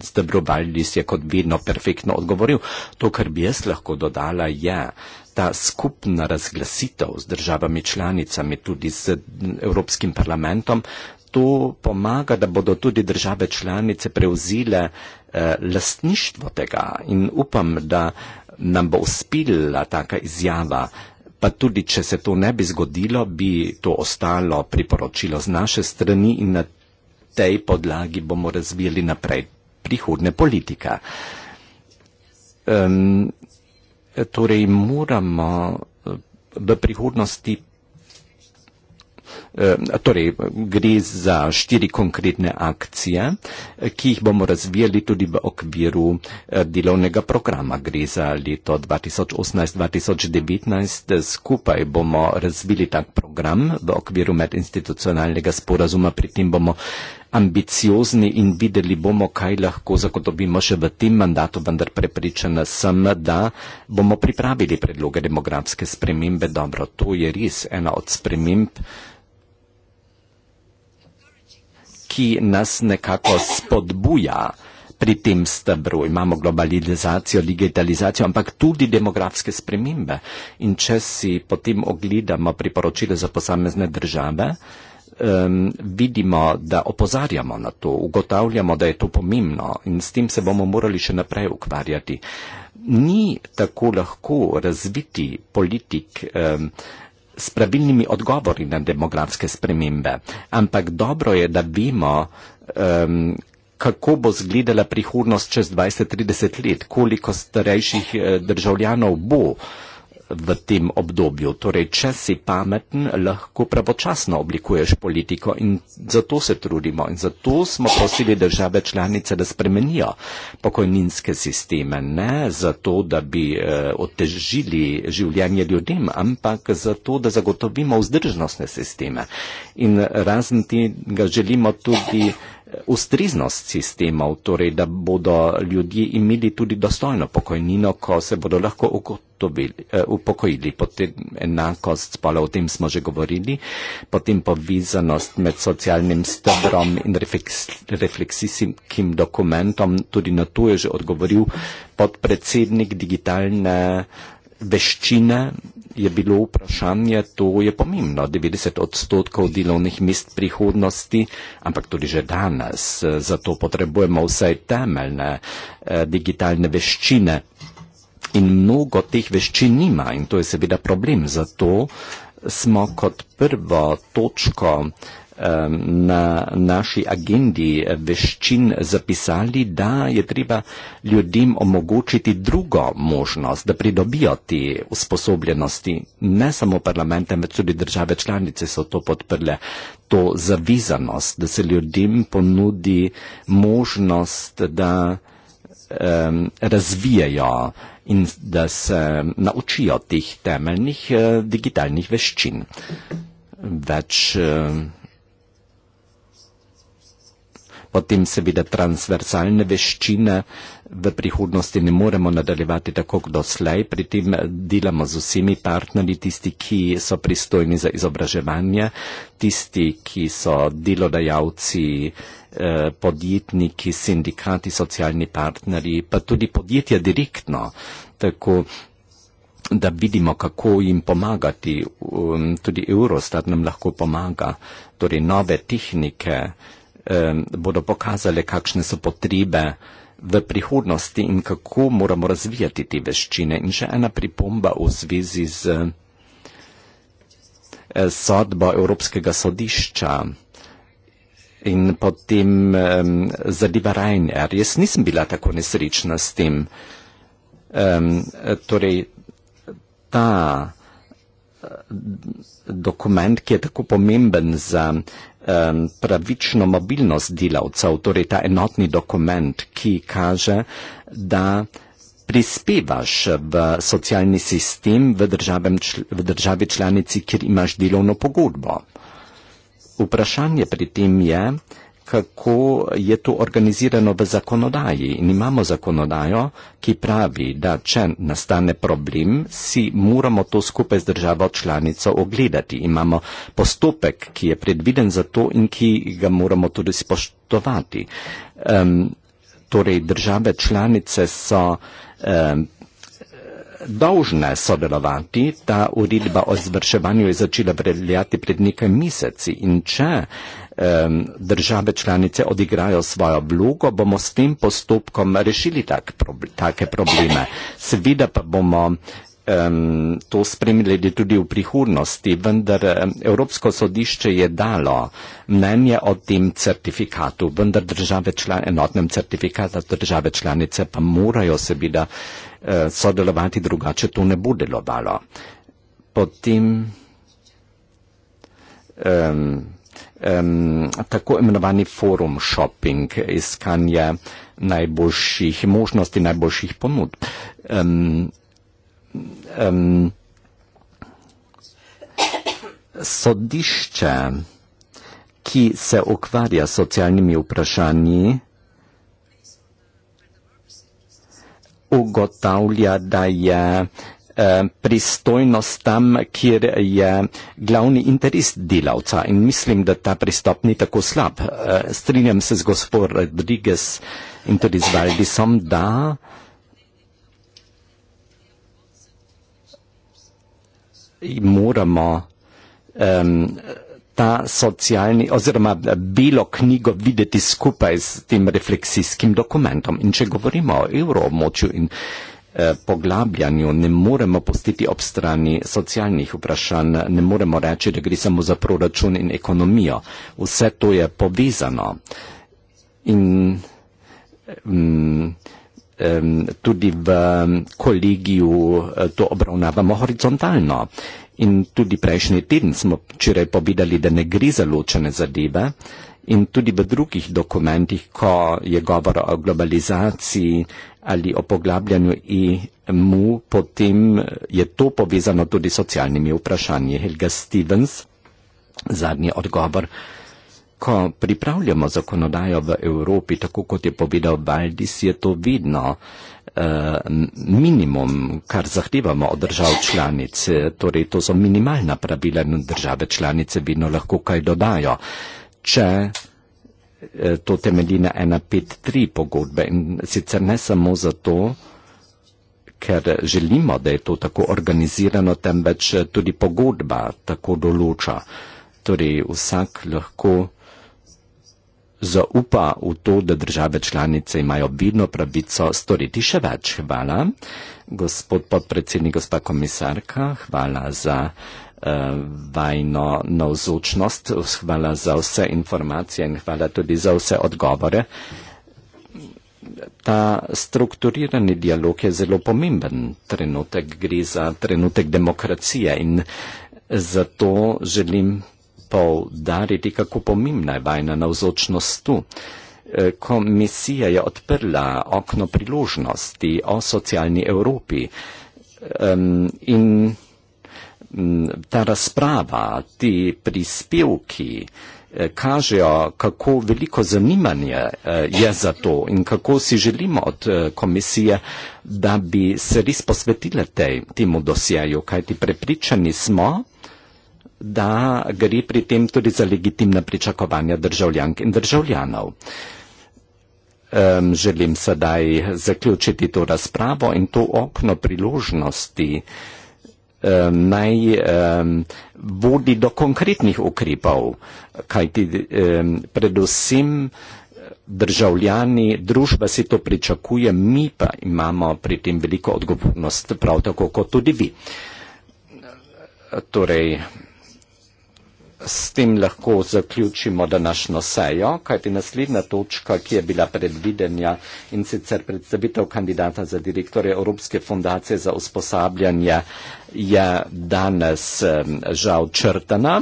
stebru Valdis je kot vedno perfektno odgovoril. To, kar bi jaz lahko dodala, je, ta skupna razglasitev z državami članicami, tudi z Evropskim parlamentom, to pomaga, da bodo tudi države članice prevzile eh, lastništvo tega in upam, da nam bo uspela taka izjava, pa tudi, če se to ne bi zgodilo, bi to ostalo priporočilo z naše strani in na tej podlagi bomo razvijali naprej prihodne politike. Um, torej moramo eh, v prihodnosti Eh, torej gre za štiri konkretne akcije, eh, ki jih bomo razvijali tudi v okviru eh, delovnega programa. Gre za leto 2018-2019. Skupaj bomo razvili tak program v okviru medinstitucionalnega sporazuma. Pri tem bomo ambiciozni in videli bomo, kaj lahko zagotovimo še v tem mandatu, vendar prepričana sem, da bomo pripravili predloge demografske spremembe. Dobro, to je res ena od sprememb ki nas nekako spodbuja pri tem stebru. Imamo globalizacijo, digitalizacijo, ampak tudi demografske spremembe. In če si potem ogledamo priporočile za posamezne države, um, vidimo, da opozarjamo na to, ugotavljamo, da je to pomembno in s tem se bomo morali še naprej ukvarjati. Ni tako lahko razviti politik. Um, s pravilnimi odgovori na demografske spremembe, ampak dobro je, da vemo, um, kako bo izgledala prihodnost čez 20-30 let, koliko starejših eh, državljanov bo. Uh, v tem obdobju. Torej, če si pameten, lahko pravočasno oblikuješ politiko in zato se trudimo in zato smo prosili države članice, da spremenijo pokojninske sisteme, ne zato, da bi eh, otežili življenje ljudem, ampak zato, da zagotovimo vzdržnostne sisteme. In razen tega želimo tudi eh, ustreznost sistemov, torej da bodo ljudje imeli tudi dostojno pokojnino, ko se bodo lahko ugotovili, uh, upokojili. Potem enakost spola, o tem smo že govorili, potem povezanost med socialnim stebrom in refleks, refleksijskim dokumentom, tudi na to je že odgovoril podpredsednik digitalne. Uh, veščine je bilo vprašanje, to je pomembno. 90 odstotkov delovnih mest prihodnosti, ampak tudi že danes, eh, zato potrebujemo vsaj temeljne eh, digitalne veščine. In mnogo teh veščin nima in to je seveda problem. Zato smo kot prvo točko Um, na naši agendi veščin zapisali, da je treba ljudem omogočiti drugo možnost, da pridobijo te usposobljenosti. Ne samo parlament, ampak tudi države članice so to podprle, to zavizanost, da se ljudem ponudi možnost, da um, razvijajo in da se naučijo teh temeljnih uh, digitalnih veščin. Več uh, potem seveda transversalne veščine v prihodnosti ne moremo nadaljevati tako, kdo slej, pri tem delamo z vsemi partnerji, tisti, ki so pristojni za izobraževanje, tisti, ki so delodajalci, eh, podjetniki, sindikati, socialni partnerji, pa tudi podjetja direktno. Tako, da vidimo, kako jim pomagati. Um, tudi Eurostat nam lahko pomaga. Torej nove tehnike, eh, bodo pokazale, kakšne so potrebe v prihodnosti in kako moramo razvijati te veščine. In še ena pripomba v zvezi z eh, sodbo Evropskega sodišča in potem eh, zadeva Rainer. Jaz nisem bila tako nesrečna s tem. Eh, torej, ta eh, dokument, ki je tako pomemben za um, pravično mobilnost delavcev, torej ta enotni dokument, ki kaže, da prispevaš v socialni sistem v, državem, v državi članici, kjer imaš delovno pogodbo. Vprašanje pri tem je, kako je to organizirano v zakonodaji. In imamo zakonodajo, ki pravi, da če nastane problem, si moramo to skupaj z državo članico ogledati. Imamo postopek, ki je predviden za to in ki ga moramo tudi spoštovati. Um, torej, države članice so. Um, Dolžne sodelovati, ta uredba o izvrševanju je začela veljati pred nekaj meseci in če države članice odigrajo svojo vlogo, bomo s tem postopkom rešili tak, take probleme. Seveda pa bomo um, to spremljali tudi v prihodnosti, vendar Evropsko sodišče je dalo mnenje o tem certifikatu, vendar države član, enotnem certifikatu države članice pa morajo seveda uh, sodelovati drugače, to ne bo delovalo. Potem um, um, tako imenovani forum shopping, iskanje najboljših možnosti, najboljših ponud. Um, um, sodišče, ki se ukvarja s socialnimi vprašanji, ugotavlja, da je Eh, pristojnost tam, kjer je glavni interes delavca. In mislim, da ta pristop ni tako slab. Eh, strinjam se z gospod Rodriguez in tudi z Valdisom, da. Moramo um, ta socialni oziroma belo knjigo videti skupaj s tem refleksijskim dokumentom. In če govorimo o evroobmočju in uh, Eh, poglabljanju ne moremo postiti ob strani socialnih vprašanj, ne moremo reči, da gre samo za proračun in ekonomijo. Vse to je povezano. In um, um, tudi v kolegiju eh, to obravnavamo horizontalno. In tudi prejšnji teden smo včeraj povedali, da ne gre za ločene zadeve in tudi v drugih dokumentih, ko je govora o globalizaciji ali o poglabljanju EMU, potem je to povezano tudi s socialnimi vprašanji. Helga Stevens, zadnji odgovor. Ko pripravljamo zakonodajo v Evropi, tako kot je povedal Valdis, je to vedno uh, minimum, kar zahtevamo od držav članic. Torej, to so minimalna pravila in države članice vedno lahko kaj dodajo. Uh, če eh, to temelji na 153 pogodbe in sicer ne samo zato, ker želimo, da je to tako organizirano, temveč eh, tudi pogodba tako določa. Torej vsak lahko zaupa v to, da države članice imajo vidno pravico storiti še več. Hvala, gospod podpredsednik, gospa komisarka, hvala za vajno navzočnost. Hvala za vse informacije in hvala tudi za vse odgovore. Ta strukturirani dialog je zelo pomemben trenutek, gre za trenutek demokracije in zato želim povdariti, kako pomembna je vajna navzočnost tu. Komisija je odprla okno priložnosti o socialni Evropi um, in ta razprava, ti prispevki eh, kažejo, kako veliko zanimanje eh, je za to in kako si želimo od eh, komisije, da bi se res posvetile tej, temu dosjeju, kajti prepričani smo, da gre pri tem tudi za legitimna pričakovanja državljank in državljanov. Um, želim sedaj zaključiti to razpravo in to okno priložnosti uh, Eh, naj um, vodi do konkretnih ukrepov, kajti um, predvsem državljani, družba si to pričakuje, mi pa imamo pri tem veliko odgovornost, prav tako kot tudi vi. Torej, s tem lahko zaključimo današnjo sejo, kajti naslednja točka, ki je bila predvidenja in sicer predstavitev kandidata za direktorja Evropske fundacije za usposabljanje, je danes žal črtana.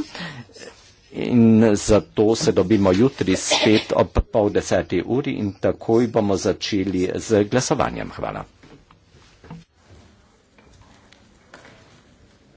In zato se dobimo jutri spet ob pol deseti uri in takoj bomo začeli z glasovanjem. Hvala.